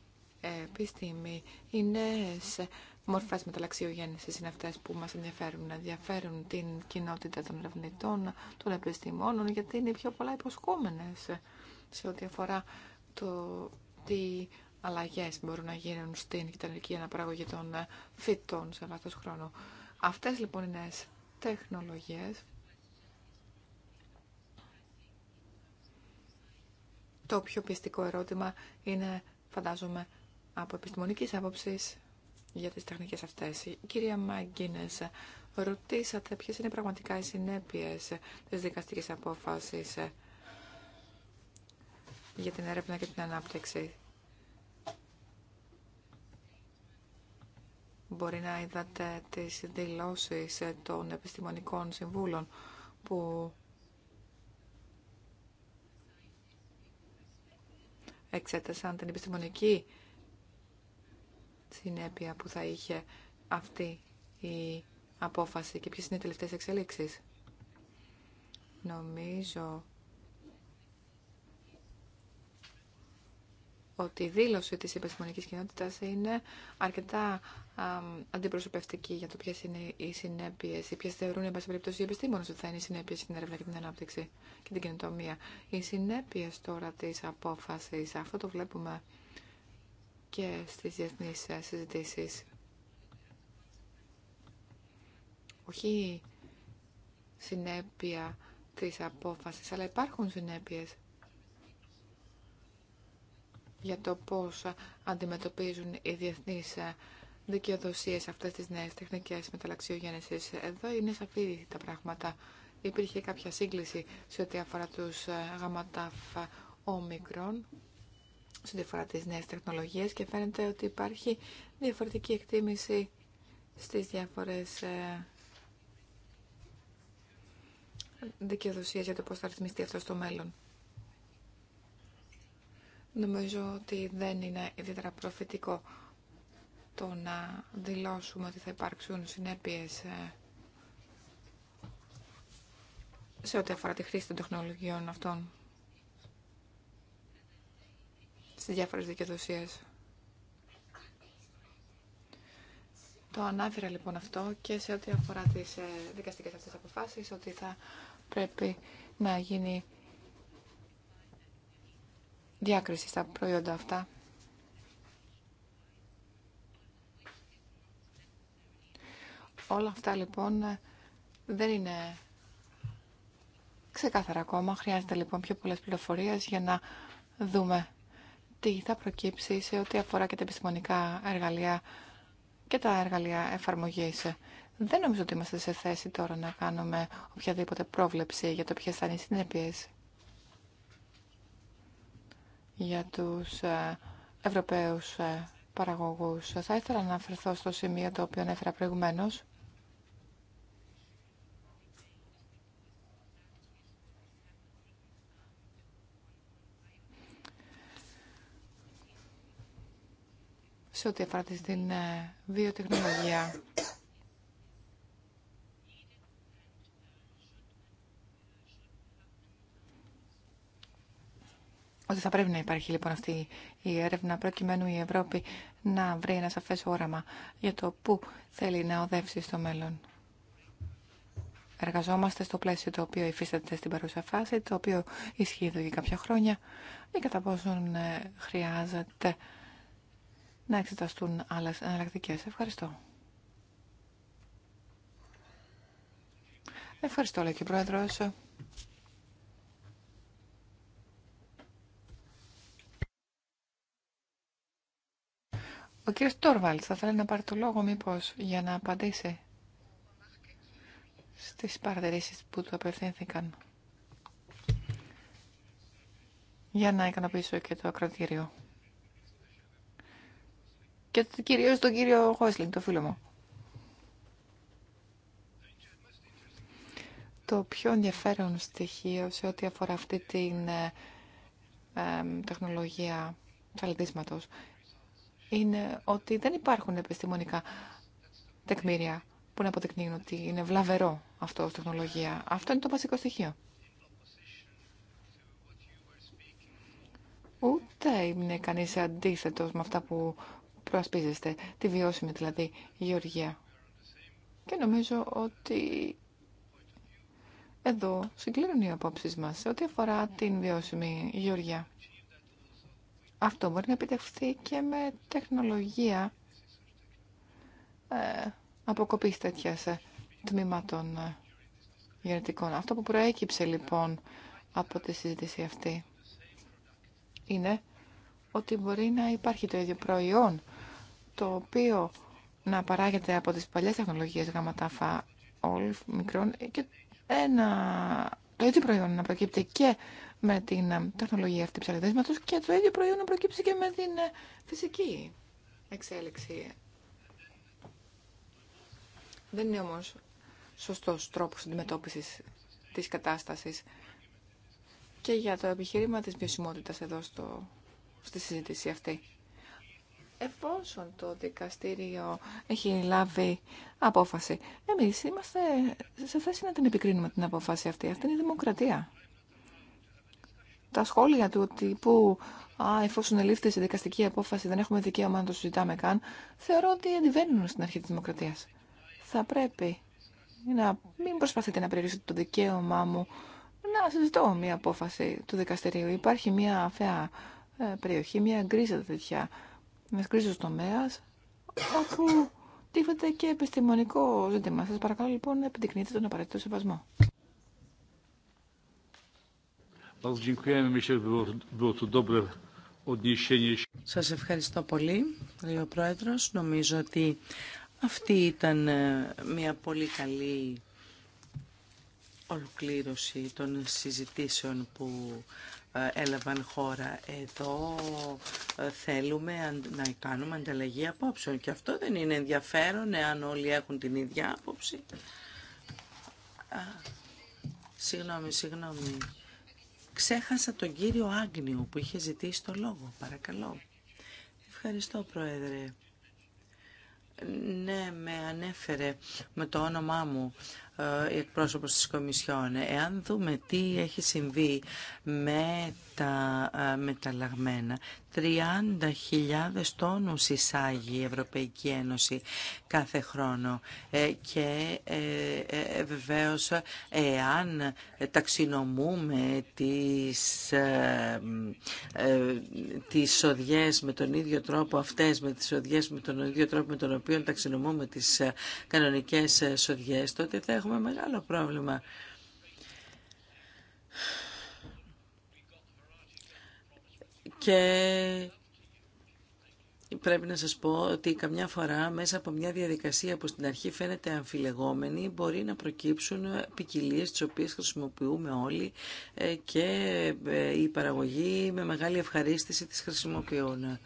επιστήμη. Οι νέες μορφές μεταλλαξιογέννησης είναι αυτές που μας ενδιαφέρουν, να ενδιαφέρουν την κοινότητα των ερευνητών, των επιστημόνων, γιατί είναι οι πιο πολλά υποσχόμενες σε ό,τι αφορά το τι αλλαγές μπορούν να γίνουν στην κοινωνική αναπαραγωγή των ε, φυτών σε βάθο χρόνου. Αυτές λοιπόν είναι τεχνολογίες. Το πιο πιστικό ερώτημα είναι, φαντάζομαι, από επιστημονική άποψη για τις τεχνικές αυτές. κυρία Μαγκίνες, ρωτήσατε ποιες είναι πραγματικά οι συνέπειες της δικαστικής απόφασης ε, για την έρευνα και την ανάπτυξη. μπορεί να είδατε τις δηλώσεις ε, των επιστημονικών συμβούλων που εξέτασαν την επιστημονική συνέπεια που θα είχε αυτή η απόφαση και ποιες είναι οι τελευταίες εξελίξεις. Νομίζω ότι η δήλωση της επιστημονικής κοινότητας είναι αρκετά α, αντιπροσωπευτική για το ποιε είναι οι συνέπειε ή ποιε θεωρούν, εν πάση περιπτώσει, οι επιστήμονε ότι θα είναι οι συνέπειε στην έρευνα και την ανάπτυξη και την καινοτομία. Οι συνέπειε τώρα τη απόφαση, αυτό το βλέπουμε και στι διεθνεί συζητήσει. Όχι συνέπεια της απόφασης, αλλά υπάρχουν συνέπειες για το πώς αντιμετωπίζουν οι διεθνείς δικαιοδοσίες αυτές τις νέες τεχνικές μεταλλαξιογέννησης. Εδώ είναι σαφή τα πράγματα. Υπήρχε κάποια σύγκληση σε ό,τι αφορά τους γαματάφ όμικρον, σε ό,τι αφορά τις νέες τεχνολογίες και φαίνεται ότι υπάρχει διαφορετική εκτίμηση στις διάφορες ε, δικαιοδοσίες για το πώς θα ρυθμιστεί αυτό στο μέλλον. Νομίζω ότι δεν είναι ιδιαίτερα προφητικό το να δηλώσουμε ότι θα υπάρξουν συνέπειες ε, σε ό,τι αφορά τη χρήση των τεχνολογιών αυτών στις διάφορες δικαιοδοσίες. Το ανάφερα λοιπόν αυτό και σε ό,τι αφορά τις ε, δικαστικές αυτές αποφάσεις ότι θα πρέπει να γίνει διάκριση στα προϊόντα αυτά. Όλα αυτά λοιπόν δεν είναι ξεκάθαρα ακόμα. Χρειάζεται λοιπόν πιο πολλές πληροφορίες για να δούμε τι θα προκύψει σε ό,τι αφορά και τα επιστημονικά εργαλεία και τα εργαλεία εφαρμογής. Δεν νομίζω ότι είμαστε σε θέση τώρα να κάνουμε οποιαδήποτε πρόβλεψη για το ποιες θα είναι οι συνέπειες για τους ε, Ευρωπαίους ε, παραγωγούς. Θα ήθελα να αναφερθώ στο σημείο το οποίο έφερα προηγουμένως. σε ό,τι αφορά την ε, βιοτεχνολογία. Ότι θα πρέπει να υπάρχει λοιπόν αυτή η έρευνα προκειμένου η Ευρώπη να βρει ένα σαφές όραμα για το πού θέλει να οδεύσει στο μέλλον. Εργαζόμαστε στο πλαίσιο το οποίο υφίσταται στην παρούσα φάση, το οποίο ισχύει εδώ για κάποια χρόνια ή κατά πόσον ε, χρειάζεται να εξεταστούν άλλες εναλλακτικέ. Ευχαριστώ. Ευχαριστώ, λέει και ο Ο κύριος Τόρβαλτς θα θέλει να πάρει το λόγο μήπως για να απαντήσει στις παρατηρήσεις που του απευθύνθηκαν για να ικανοποιήσω και το ακροτήριο. Και κυρίως τον κύριο Χόισλινγκ, το φίλο μου. Το πιο ενδιαφέρον στοιχείο σε ό,τι αφορά αυτή την ε, ε, τεχνολογία είναι ότι δεν υπάρχουν επιστημονικά τεκμήρια που να αποδεικνύουν ότι είναι βλαβερό αυτό ως τεχνολογία. Αυτό είναι το βασικό στοιχείο. Ούτε είναι κανείς αντίθετος με αυτά που προασπίζεστε, τη βιώσιμη δηλαδή γεωργία. Και νομίζω ότι εδώ συγκλίνουν οι απόψεις μας σε ό,τι αφορά την βιώσιμη γεωργία. Αυτό μπορεί να επιτευχθεί και με τεχνολογία ε, αποκοπής τέτοια ε, τμήματων ε, γενετικών. Αυτό που προέκυψε λοιπόν από τη συζήτηση αυτή είναι ότι μπορεί να υπάρχει το ίδιο προϊόν το οποίο να παράγεται από τις παλιές τεχνολογίες γαματάφα όλων μικρών και ένα το ίδιο προϊόν να προκύπτει και με την ε, τεχνολογία αυτή ψαλιδέσματος και το ίδιο προϊόν να προκύψει και με την ε, φυσική εξέλιξη. Δεν είναι όμως σωστός τρόπος αντιμετώπισης της κατάστασης και για το επιχείρημα της βιωσιμότητας εδώ στο, στη συζήτηση αυτή εφόσον το δικαστήριο έχει λάβει απόφαση. Εμείς είμαστε σε θέση να την επικρίνουμε την απόφαση αυτή. Αυτή είναι η δημοκρατία. Τα σχόλια του ότι «Α, εφόσον ελήφθησε η δικαστική απόφαση δεν έχουμε δικαίωμα να το συζητάμε καν», θεωρώ ότι αντιβαίνουν στην αρχή της δημοκρατίας. Θα πρέπει να μην προσπαθείτε να περιορίσετε το δικαίωμά μου να συζητώ μια απόφαση του δικαστηρίου. Υπάρχει μια αφαία ε, περιοχή, μια γκρίζα τέτοια με κρίσεως τομέας, όπου τίθεται και επιστημονικό ζήτημα. Σας παρακαλώ λοιπόν να επιδεικνύετε τον απαραίτητο σεβασμό. Σας ευχαριστώ πολύ, λέει ο Πρόεδρος. Νομίζω ότι αυτή ήταν ε, μια πολύ καλή ολοκλήρωση των συζητήσεων που ε, έλαβαν χώρα. Εδώ ε, θέλουμε να κάνουμε ανταλλαγή απόψεων και αυτό δεν είναι ενδιαφέρον εάν όλοι έχουν την ίδια άποψη. Συγγνώμη, συγγνώμη. Ξέχασα τον κύριο Άγνιο που είχε ζητήσει το λόγο. Παρακαλώ. Ευχαριστώ, Πρόεδρε. Ναι, με ανέφερε με το όνομά μου η ε, εκπρόσωπος της Κομισιόν. Εάν δούμε τι έχει συμβεί με τα ε, μεταλλαγμένα, 30.000 τόνους εισάγει η Ευρωπαϊκή Ένωση κάθε χρόνο ε, και βεβαίως εάν ταξινομούμε τις, τις με τον ίδιο τρόπο αυτές, με τις οδιές με τον ίδιο τρόπο με τον οποίο ταξινομούμε τις κανονικές σοδιές, τότε θα έχουμε έχουμε μεγάλο πρόβλημα. Και πρέπει να σας πω ότι καμιά φορά μέσα από μια διαδικασία που στην αρχή φαίνεται αμφιλεγόμενη μπορεί να προκύψουν ποικιλίε τις οποίες χρησιμοποιούμε όλοι ε, και ε, η παραγωγή με μεγάλη ευχαρίστηση τις χρησιμοποιούν.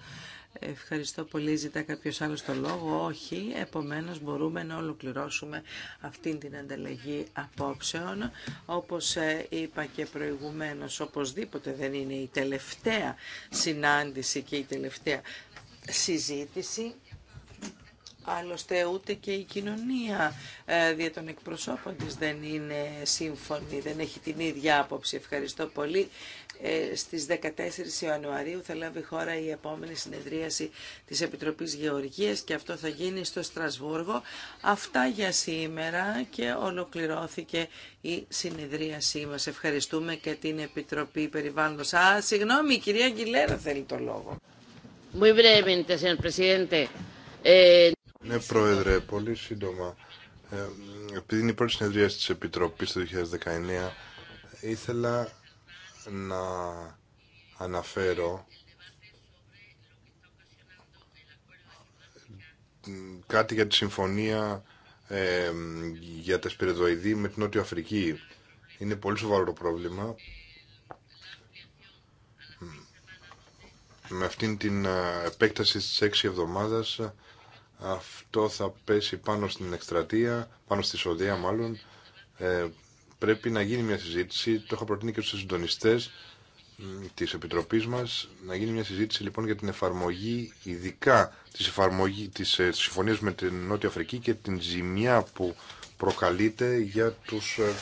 Ευχαριστώ πολύ. Ζητά κάποιο άλλο το λόγο. Όχι. Επομένω μπορούμε να ολοκληρώσουμε αυτή την ανταλλαγή απόψεων. Όπως ε, είπα και προηγουμένω οπωσδήποτε δεν είναι η τελευταία συνάντηση και η τελευταία συζήτηση. Άλλωστε ούτε και η κοινωνία ε, δια των εκπροσώπων της δεν είναι σύμφωνη, δεν έχει την ίδια άποψη. Ευχαριστώ πολύ. Ε, στις 14 Ιανουαρίου θα λάβει χώρα η επόμενη συνεδρίαση της Επιτροπής Γεωργίας και αυτό θα γίνει στο Στρασβούργο. Αυτά για σήμερα και ολοκληρώθηκε η συνεδρίασή μας. Ευχαριστούμε και την Επιτροπή Περιβάλλοντος. Α, συγγνώμη, η κυρία Αγγιλέρα θέλει το λόγο. Muy brevemente, señor presidente. Ε, ναι, Πρόεδρε, πολύ σύντομα. Ε, επειδή είναι η πρώτη συνεδρία της Επιτροπής το 2019, ήθελα να αναφέρω κάτι για τη συμφωνία για τα σπυριδοειδή με την Νότια Αφρική. Είναι πολύ σοβαρό πρόβλημα. Με αυτήν την ε, επέκταση στις έξι εβδομάδες αυτό θα πέσει πάνω στην εκστρατεία, πάνω στη σοδεία μάλλον, ε, πρέπει να γίνει μια συζήτηση, το έχω προτείνει και στους συντονιστές της Επιτροπής μας, να γίνει μια συζήτηση λοιπόν για την εφαρμογή, ειδικά της, εφαρμογή, της ε, συμφωνίας με την Νότια Αφρική και την ζημιά που προκαλείται για τους ε,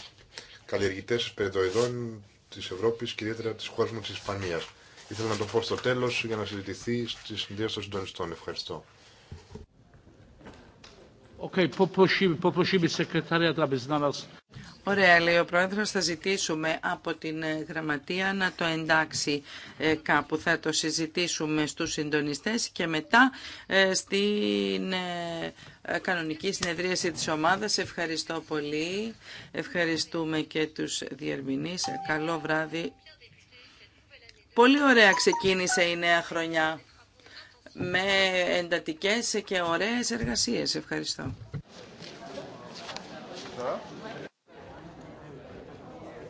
καλλιεργητές περιδοειδών της Ευρώπης κυρίως ιδιαίτερα της χώρας μου της Ισπανίας. Ήθελα να το πω στο τέλος για να συζητηθεί στη συνδέα των συντονιστών. Ευχαριστώ. Ωραία, λέει ο Πρόεδρος, θα ζητήσουμε από την ε, Γραμματεία να το εντάξει ε, κάπου. Θα το συζητήσουμε στους συντονιστές και μετά ε, στην κανονική συνεδρίαση της ομάδας. Ευχαριστώ πολύ. Ευχαριστούμε και τους διερμηνείς. Καλό βράδυ. Πολύ ωραία ξεκίνησε η νέα χρονιά με εντατικές και ωραίες εργασίες. Ευχαριστώ.